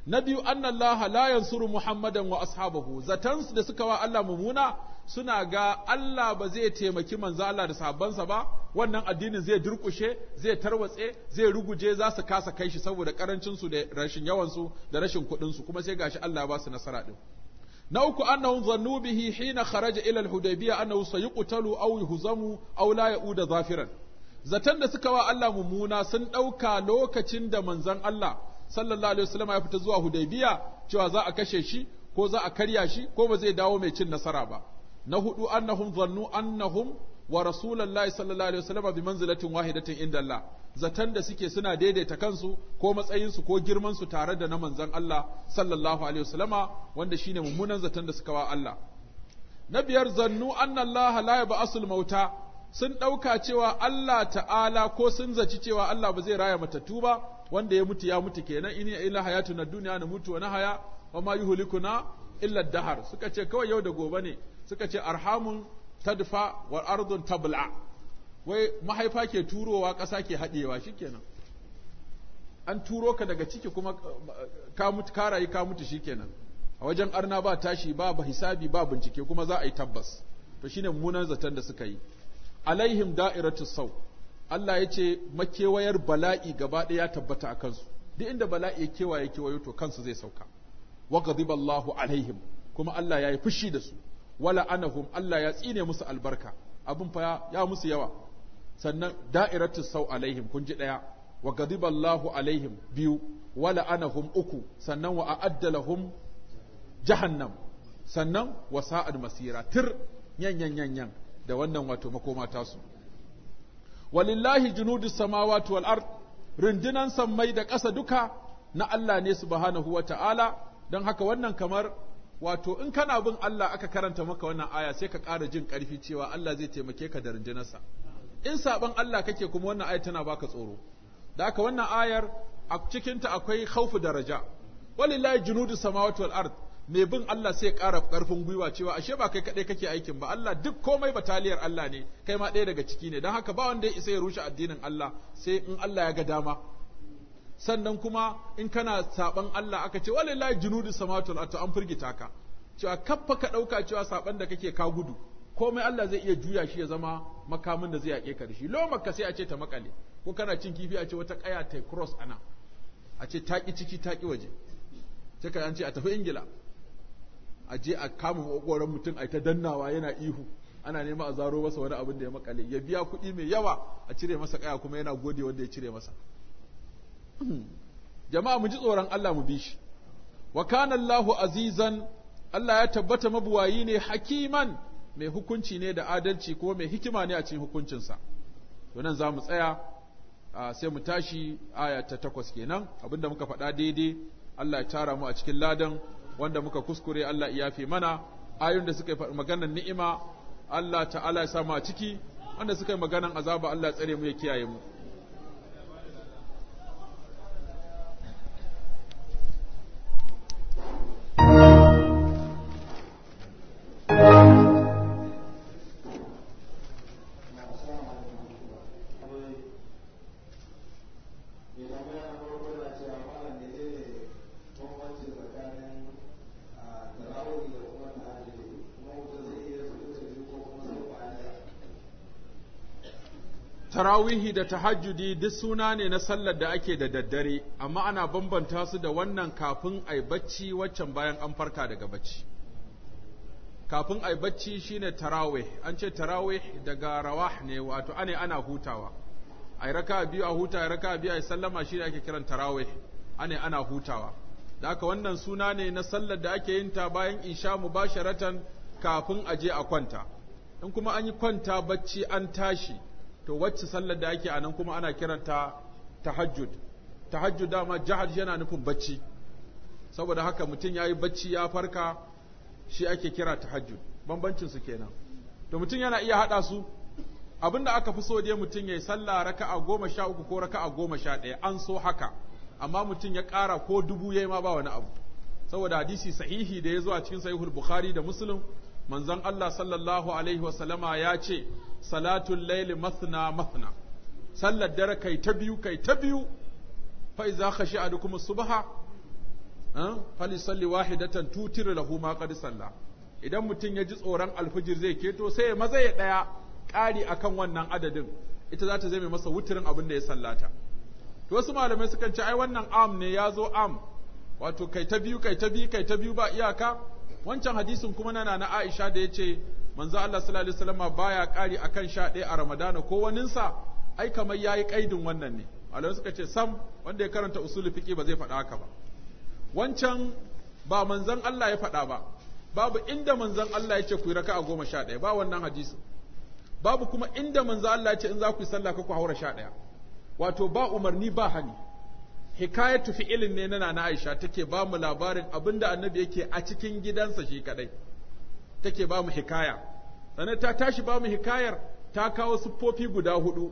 na biyu annallaha la suru muhammadan wa ashabahu zatansu da suka wa Allah mummuna suna ga Allah ba zai taimaki manzo Allah da sahabbansa ba wannan addinin zai durkushe zai tarwatse zai ruguje za su kasa kai shi saboda karancin su da rashin yawan su da rashin kuɗin su kuma sai gashi Allah ba su nasara din na uku annahum zannu bihi hina kharaja ila al-hudaybiyya annahu sayuqtalu aw yuhzamu aw la yauda zafiran zatan da suka wa Allah mummuna sun ɗauka lokacin da manzon Allah sallallahu alaihi wasallam ya fita zuwa Hudaybiya cewa za a kashe shi ko za a karya shi ko ba zai dawo mai cin nasara ba na hudu annahum zannu annahum wa rasulullahi sallallahu alaihi wasallam bi manzilatin wahidatin inda Allah zatan da suke suna daidaita kansu ko matsayinsu ko girman su tare da na manzon Allah sallallahu alaihi wasallam wanda shine mummunan zatan da suka wa Allah na biyar zannu anna Allah la yab'asul mauta sun ɗauka cewa Allah ta'ala ko sun zaci cewa Allah ba zai raya matattu ba wanda ya mutu ya mutu kenan in ya ila hayatu na duniya na mutu wa na haya wa ma na, illa dahar suka ce kawai yau da gobe ne suka ce arhamun tadfa wa ardun tabla wai mahaifa ke turowa ƙasa ke haɗewa shi kenan. an turo ka daga ciki kuma ka mutu kara rayu ka mutu shi kenan. a wajen arna ba tashi ba hisabi ba bincike kuma za a yi tabbas to shine munan zaton da suka yi alaihim da'iratu sau Allah ya ce makewayar bala'i gaba ɗaya tabbata a kansu duk inda bala'i ya kewaye kewayo to kansu zai sauka wa ghadiba alaihim kuma Allah ya yi fushi da su wala anahum Allah ya tsine musu albarka abin fa ya musu yawa sannan da'iratu sau alaihim kun ji ɗaya wa ghadiba alaihim biyu wala anahum uku sannan wa a'addalahum jahannam sannan wa sa'ad masira tir yan yan yan da wannan wato makoma tasu walillahi junudus samawati wal ard rundunan sammai da ƙasa duka na Allah ne subhanahu wa ta'ala don haka wannan kamar wato in kana bin Allah aka karanta maka wannan aya sai ka ƙara jin ƙarfi cewa Allah zai taimake ka da rundunarsa in saban Allah kake kuma wannan aya tana baka tsoro da haka wannan ayar a cikinta akwai khawfu daraja walillahi junudus samawati wal ard mai bin Allah sai ƙara ƙarfin gwiwa cewa ashe ba kai kaɗai kake aikin ba Allah duk komai bataliyar Allah ne kai ma ɗaya daga ciki ne don haka ba wanda ya isa ya rushe addinin Allah sai in Allah ya ga dama sannan kuma in kana saban Allah aka ce walillahi junudu samatul ato an firgita ka cewa kaffa ka ɗauka cewa saban da kake ka gudu komai Allah zai iya juya shi ya zama makamin da zai yaƙe ka da shi lomar sai a ce ta makale ko kana cin kifi a ce wata ƙaya ta cross ana a ce taƙi ciki taƙi waje sai ka an ce a tafi ingila a je a kama kokoran mutum a ta dannawa yana ihu ana nema a zaro masa wani abin da ya makale ya biya kuɗi mai yawa a cire masa kaya kuma yana gode wanda ya cire masa jama'a mu ji tsoron Allah mu bi shi wa kana Allahu azizan Allah ya tabbata mabuwayi ne hakiman mai hukunci ne da adalci kuma mai hikima ne a cikin sa to nan za mu tsaya sai mu tashi aya ta takwas kenan abinda muka faɗa daidai Allah ya tara mu a cikin ladan wanda muka kuskure Allah ya fi mana ayun da suka yi maganar ni'ima Allah ta'ala ya samu ciki wanda suka yi maganar azaba Allah tsare mu ya kiyaye mu tarawihi da tahajjudi duk suna ne na sallar da ake da daddare amma ana bambanta su da wannan kafin yi bacci waccan bayan an farka daga bacci kafin yi bacci shine tarawih an ce tarawih daga rawah ne wato ane ana hutawa A yi raka biyu a huta a raka biyu a yi sallama shi ake kiran tarawih ane ana hutawa da haka wannan suna ne na sallar da ake yin ta bayan isha ratan kafin a je a kwanta in kuma an yi kwanta bacci an tashi to wacce sallar da ake anan kuma ana kiranta tahajjud tahajjud dama jihar yana nufin bacci saboda haka mutum yayi bacci ya farka shi ake kira tahajjud bambancin su kenan to mutum yana iya haɗa su abinda aka fi so dai mutum yayi sallah raka'a goma sha uku ko raka'a goma sha ɗaya an so haka amma mutum ya ƙara ko dubu yayi ma ba wani abu saboda hadisi sahihi da ya zo a cikin sahihul bukhari da muslim manzon Allah sallallahu alaihi wasallama ya ce salatun layli mathna mathna sallar dare kai ta biyu kai ta biyu fa idza khashi adukum subha salli wahidatan tutir lahu ma qad salla idan mutum ya ji tsoron alfijir zai keto sai ya maza ya daya ƙari akan wannan adadin ita za ta zame masa wuturin abin da ya sallata to wasu malamai sukan ce ai wannan am ne yazo am wato kai ta biyu kai ta biyu kai ta biyu ba iyaka wancan hadisin kuma nana na Aisha da yace manzo Allah sallallahu alaihi wasallama baya kari akan sha ɗaya a Ramadana ko waninsa ai kamar yayi kaidin wannan ne malamai suka ce sam wanda ya karanta usulul fiqi ba zai faɗa haka ba wancan ba manzon Allah ya faɗa ba babu inda manzon Allah ya ku yi raka'a goma sha ɗaya ba wannan hadisi babu kuma inda manzon Allah ya ce in za ku yi sallah ka ku haura sha ɗaya wato ba umarni ba hani hikayatu fi'ilin ne na Nana Aisha take ba mu labarin abinda annabi yake a cikin gidansa shi kadai take ba mu hikaya sannan ta tashi ba mu hikayar ta kawo siffofi guda hudu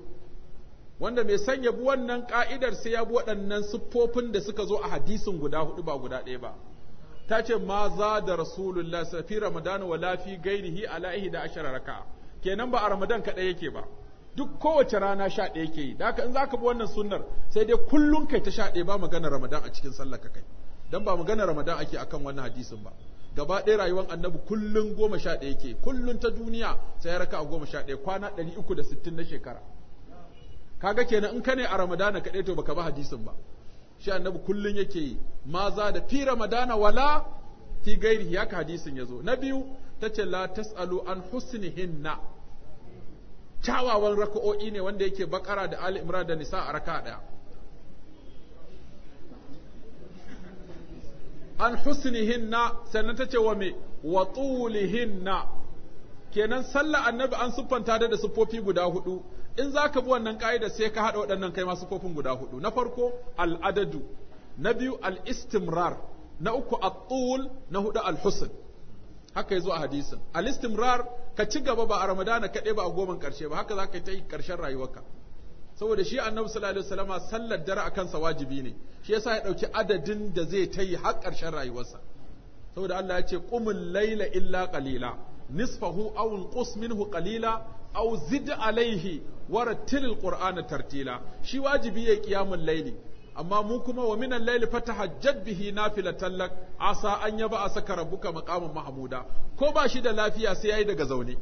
wanda mai sanya bi wannan ka'idar sai ya bi waɗannan siffofin da suka zo a hadisin guda hudu ba guda ɗaya ba ta ce ma za da rasulullah safi ramadan wa lafi gairihi ala da ashara raka'a kenan ba a ramadan kaɗai yake ba duk kowace rana sha ɗaya ke yi daka in za ka bi wannan sunnar sai dai kullum kai ta sha ɗaya ba magana ramadan a cikin sallar ka kai don ba magana ramadan ake akan wannan hadisin ba gaba ɗaya rayuwar annabi kullun goma sha ɗaya ke kullun ta duniya sai ya raka a goma sha ɗaya kwana ɗari uku da sittin na shekara kaga kenan in ka ne a ramadana kaɗai to baka ba hadisin ba shi annabi kullun yake yi maza da fi ramadana wala fi gairi haka hadisin ya zo na biyu ta ce la tsalo an husnihinna kyawawan raka'o'i ne wanda yake bakara da ali imran da nisa a raka ɗaya an husnihinna sannan ta ce wa me wa tulihinna kenan sallar annabi an siffanta da da siffofi guda hudu in zaka bi wannan ka'ida sai ka haɗa waɗannan kai ma siffofin guda hudu na farko al'adadu na biyu al'istimrar, na uku at-tul na hudu al-husn haka yazo a hadisin Al'istimrar ka ci gaba ba a ramadana kaɗai ba a goman ƙarshe ba haka zaka yi ta yi ƙarshen rayuwarka saboda shi annabi sallallahu alaihi wasallama sallar dare a kansa wajibi ne shi yasa ya dauki adadin da zai tayi har ƙarshen rayuwarsa saboda Allah ya ce qumul layla illa qalila nisfahu aw inqus minhu qalila aw zid alayhi warattilil qur'ana tartila shi wajibi yayi qiyamul layli amma mu kuma wa minan layli fatahajjat bihi nafilatan lak asa an yaba asaka rabbuka maqaman mahmuda ko ba shi da lafiya sai yayi daga zaune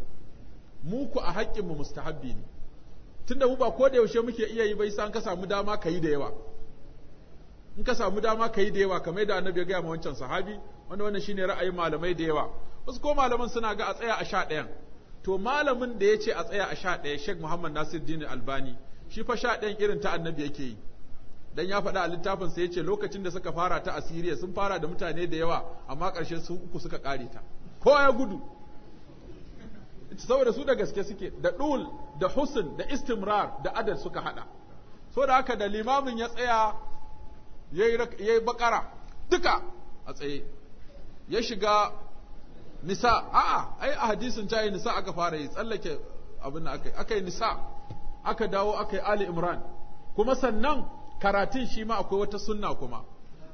mu ku a haƙƙin mu mustahabbi ne tunda mu ba ko da yaushe muke iya yi bai an ka samu dama kai da yawa in ka samu dama ka da yawa kamar da annabi ya gaya ma wancan sahabi wanda wannan shine ra'ayin malamai da yawa wasu ko malaman suna ga a tsaya a sha ɗayan to malamin da ya ce a tsaya a sha ɗaya Sheikh Muhammad Nasiruddin Albani shi fa sha ɗayan irin ta annabi yake yi dan ya faɗa a littafin sa yace lokacin da suka fara ta Asiriya sun fara da mutane da yawa amma ƙarshen su uku suka kare ta kowa ya gudu saboda su da gaske suke da dul da husn da istimrar da adal suka hada da haka da limamin ya tsaya yayi yayi bakara duka a tsaye ya shiga nisa a'a ai a hadisin jayi nisa aka fara yi tsallake abin da aka yi aka nisa aka dawo aka yi ali imran kuma sannan karatun shi ma akwai wata sunna kuma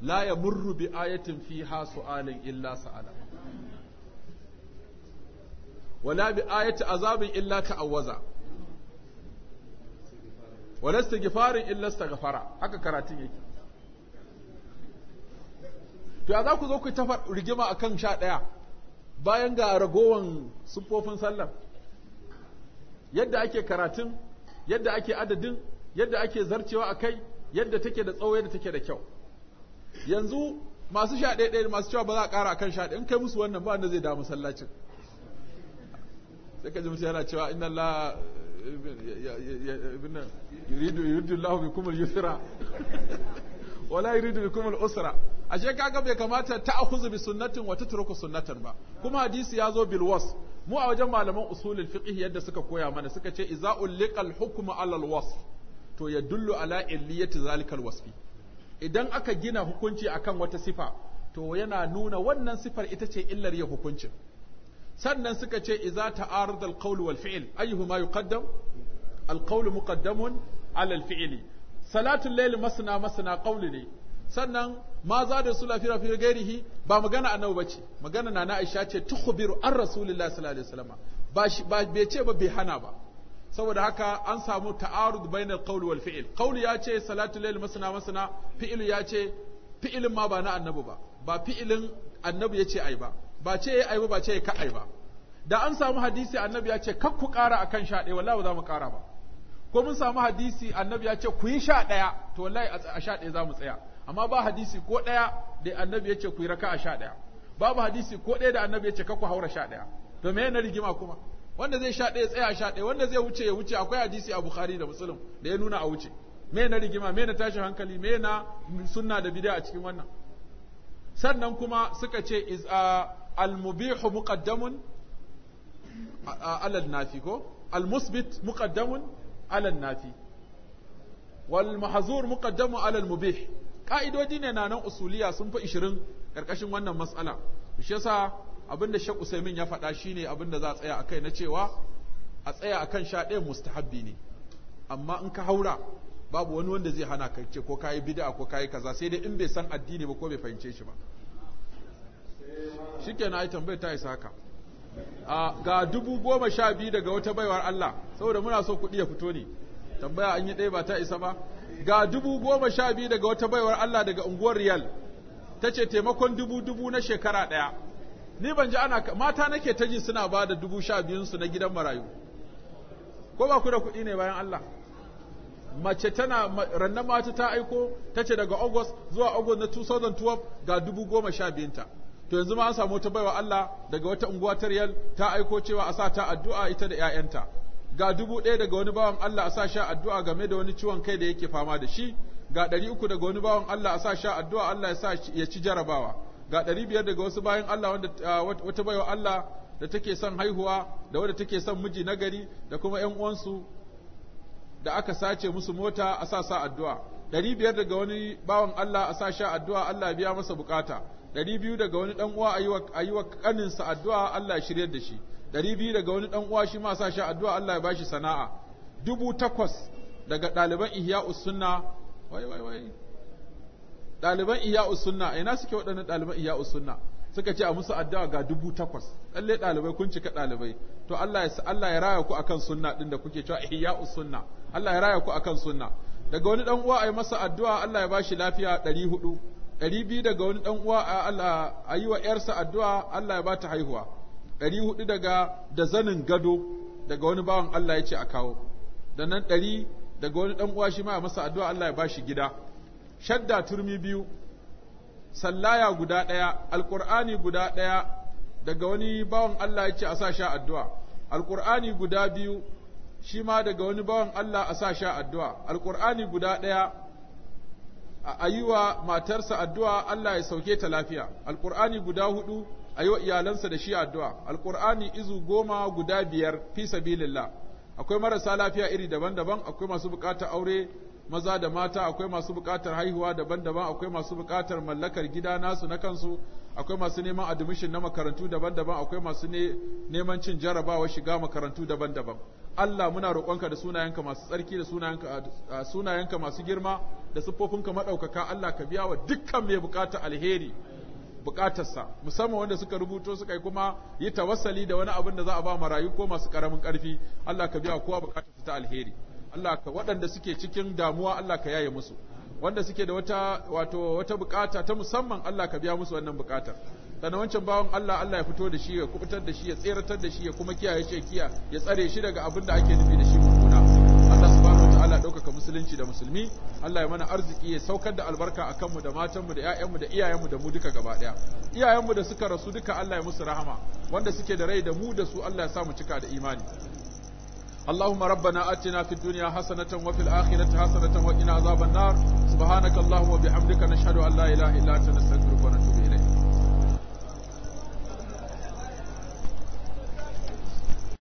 la yamurru bi ayatin fiha su'alin illa sa'ala wala بآية عذاب azabin illa ta'awwaza استغفار إلا استغفار هكا haka karatun yake to ya za ku zo ku ta rigima akan sha ɗaya bayan ga ragowan siffofin sallar yadda ake karatun yadda ake adadin yadda ake zarcewa a kai yadda take da tsawo yadda take da kyau yanzu masu sha ɗaya masu cewa ba za a ƙara akan sha ɗaya in kai musu wannan ba wanda zai damu sallacin. sai ka ji yana cewa inna la yuridu yuridu Allah bikum al-yusra wala yuridu bi al-usra ashe kaga bai kamata ta'khudhu bi sunnatin wa tatruku sunnatan ba kuma hadisi ya zo bil was mu a wajen malaman usulul fiqh yadda suka koya mana suka ce iza ulqal hukmu ala al Was' to yadullu ala illiyati zalika al-wasfi idan aka gina hukunci akan wata sifa to yana nuna wannan sifar ita ce illar ya hukuncin sannan suka ce iza ta'arada al-qawl wal fi'l ayyuhuma yuqaddam al-qawl muqaddamun ala al-fi'li salatul layl masna masna qawl ne sannan ma za da su lafiya fi gairihi ba magana annabi bace magana na Aisha ce tukhbiru an rasulillahi sallallahu alaihi wasallam ba shi ba bai ce ba bai hana ba saboda haka an samu ta'arud bainal qawl wal fi'l qawl ya ce salatul layl masna masna fi'l ya ce fi'ilin ma ba na annabi ba ba fi'ilin annabi yace ai ba ba ce ya yi ba ce ya ka'ai ba da an samu hadisi annabi ya ce kar ku ƙara kan sha ɗaya wallahi ba za mu ƙara ba ko mun samu hadisi annabi ya ce ku yi sha ɗaya to wallahi a sha ɗaya za mu tsaya amma ba hadisi ko ɗaya da annabi ya ce ku yi raka a sha ɗaya babu hadisi ko ɗaya da annabi ya ce kar ku haura sha ɗaya to me na rigima kuma wanda zai sha ɗaya tsaya sha ɗaya wanda zai wuce ya wuce akwai hadisi a bukhari da muslim da ya nuna a wuce me na rigima me na tashin hankali me na sunna da bid'a a cikin wannan sannan kuma suka ce is a uh, al-mubihu muqaddamun ala nafi ko al-musbit muqaddamun ala nafi wal mahzur muqaddamun mubih ka'idodi ne na nan usuliya sun fi 20 karkashin wannan matsala. shi yasa abinda Sheikh Usaimin ya faɗa shine abinda za a tsaya akai na cewa a tsaya akan sha ɗaya mustahabbi ne amma in ka haura babu wani wanda zai hana ka ce ko kayi bid'a ko kayi kaza sai dai in bai san addini ba ko bai fahimce shi ba a yi tambayi ta isa haka ga dubu goma sha biyu daga wata baiwar Allah saboda muna so kuɗi ya fito ne tambaya an yi ɗaya ba ta isa ba ga dubu goma sha biyu daga wata baiwar Allah daga unguwar Riyal ta ce taimakon dubu dubu na shekara ɗaya ni ban ji ana mata nake ta ji suna ba da dubu sha biyunsu na gidan marayu ko ba ku da kuɗi ne bayan Allah mace tana rannan mata ta aiko ta ce daga August zuwa August na 2012 ga dubu goma sha biyunta to yanzu ma an samu wata baiwa Allah daga wata unguwa ta Riyal ta aiko cewa a sa ta addu'a ita da ƴaƴanta ga dubu ɗaya daga wani bawan Allah a sa sha addu'a game da wani ciwon kai da yake fama da shi ga ɗari uku daga wani bawan Allah a sa sha addu'a Allah ya ci jarabawa ga ɗari biyar daga wasu bayan Allah wanda wata baiwa Allah da take son haihuwa da wadda take son miji nagari da kuma ƴan uwansu da aka sace musu mota a sa sa addu'a ɗari biyar daga wani bawan Allah a sa sha addu'a Allah ya biya masa bukata ɗari biyu daga wani ɗan uwa a yi wa ƙaninsa addu'a Allah ya shirya da shi ɗari biyu daga wani ɗan uwa shi ma sa shi addu'a Allah ya bashi sana'a dubu takwas daga ɗaliban ihya usunna wai wai wai ɗaliban ihya usunna ina suke waɗannan ɗaliban ihya usunna suka ce a musu addu'a ga dubu takwas lalle ɗalibai kun cika ɗalibai to Allah ya Allah ya raya ku akan sunna ɗin da kuke cewa ihya usunna Allah ya raya ku akan sunna daga wani ɗan uwa a yi masa addu'a Allah ya bashi lafiya ɗari hudu ɗari biyu daga wani ɗan uwa a yi wa ‘yarsa addu'a Allah ya ba ta haihuwa, ɗari hudu daga da zanin gado daga wani bawan Allah ya ce a kawo, da nan ɗari daga wani ɗan uwa shi ma a masa addu'a Allah ya ba shi gida, shadda turmi biyu, sallaya guda ɗaya, alƙur'ani guda ɗaya daga wani bawan Allah ya ce a sa sha addu'a, alƙur'ani guda biyu shi ma daga wani bawan Allah a sa sha addu'a, alƙur'ani guda ɗaya a wa matarsa addu'a Allah ya sauke ta lafiya Alƙur'ani guda hudu a wa iyalansa da shi addu'a Alƙur'ani izu goma guda biyar fi sabilillah akwai marasa lafiya iri daban-daban akwai masu buƙatar aure maza da mata akwai masu buƙatar haihuwa daban-daban akwai masu buƙatar mallakar gida nasu na kansu akwai masu neman admission na makarantu daban-daban akwai masu neman cin jarabawa shiga makarantu daban-daban Allah muna roƙonka da sunayenka masu tsarki da sunayenka masu girma da siffofinka maɗaukaka Allah ka biya wa dukkan mai bukata alheri bukatarsa musamman wanda suka rubuto suka yi kuma yi tawassali da wani abin da za a ba marayu ko masu karamin karfi Allah ka biya kowa bukatarsa ta alheri Allah ka waɗanda suke cikin damuwa Allah ka yaye musu wanda suke da wata wato wata bukata ta musamman Allah ka biya musu wannan bukatar dan wancan bawan Allah Allah ya fito da shi ya kubutar da shi ya tseratar da shi ya kuma kiyaye shi kiya ya tsare shi daga abin da ake nufi da shi mummuna Allah subhanahu wataala ya ɗaukaka musulunci da musulmi Allah ya mana arziki ya saukar da albarka a kanmu da matanmu da ƴaƴanmu da iyayenmu da mu duka gaba ɗaya iyayenmu da suka rasu duka Allah ya musu rahama wanda suke da rai da mu da su Allah ya sa mu cika da imani اللهم ربنا آتنا في الدنيا حسنة وفي الآخرة حسنة وقنا عذاب النار سبحانك اللهم وبحمدك نشهد أن لا إله إلا أنت نستغفرك ونتوب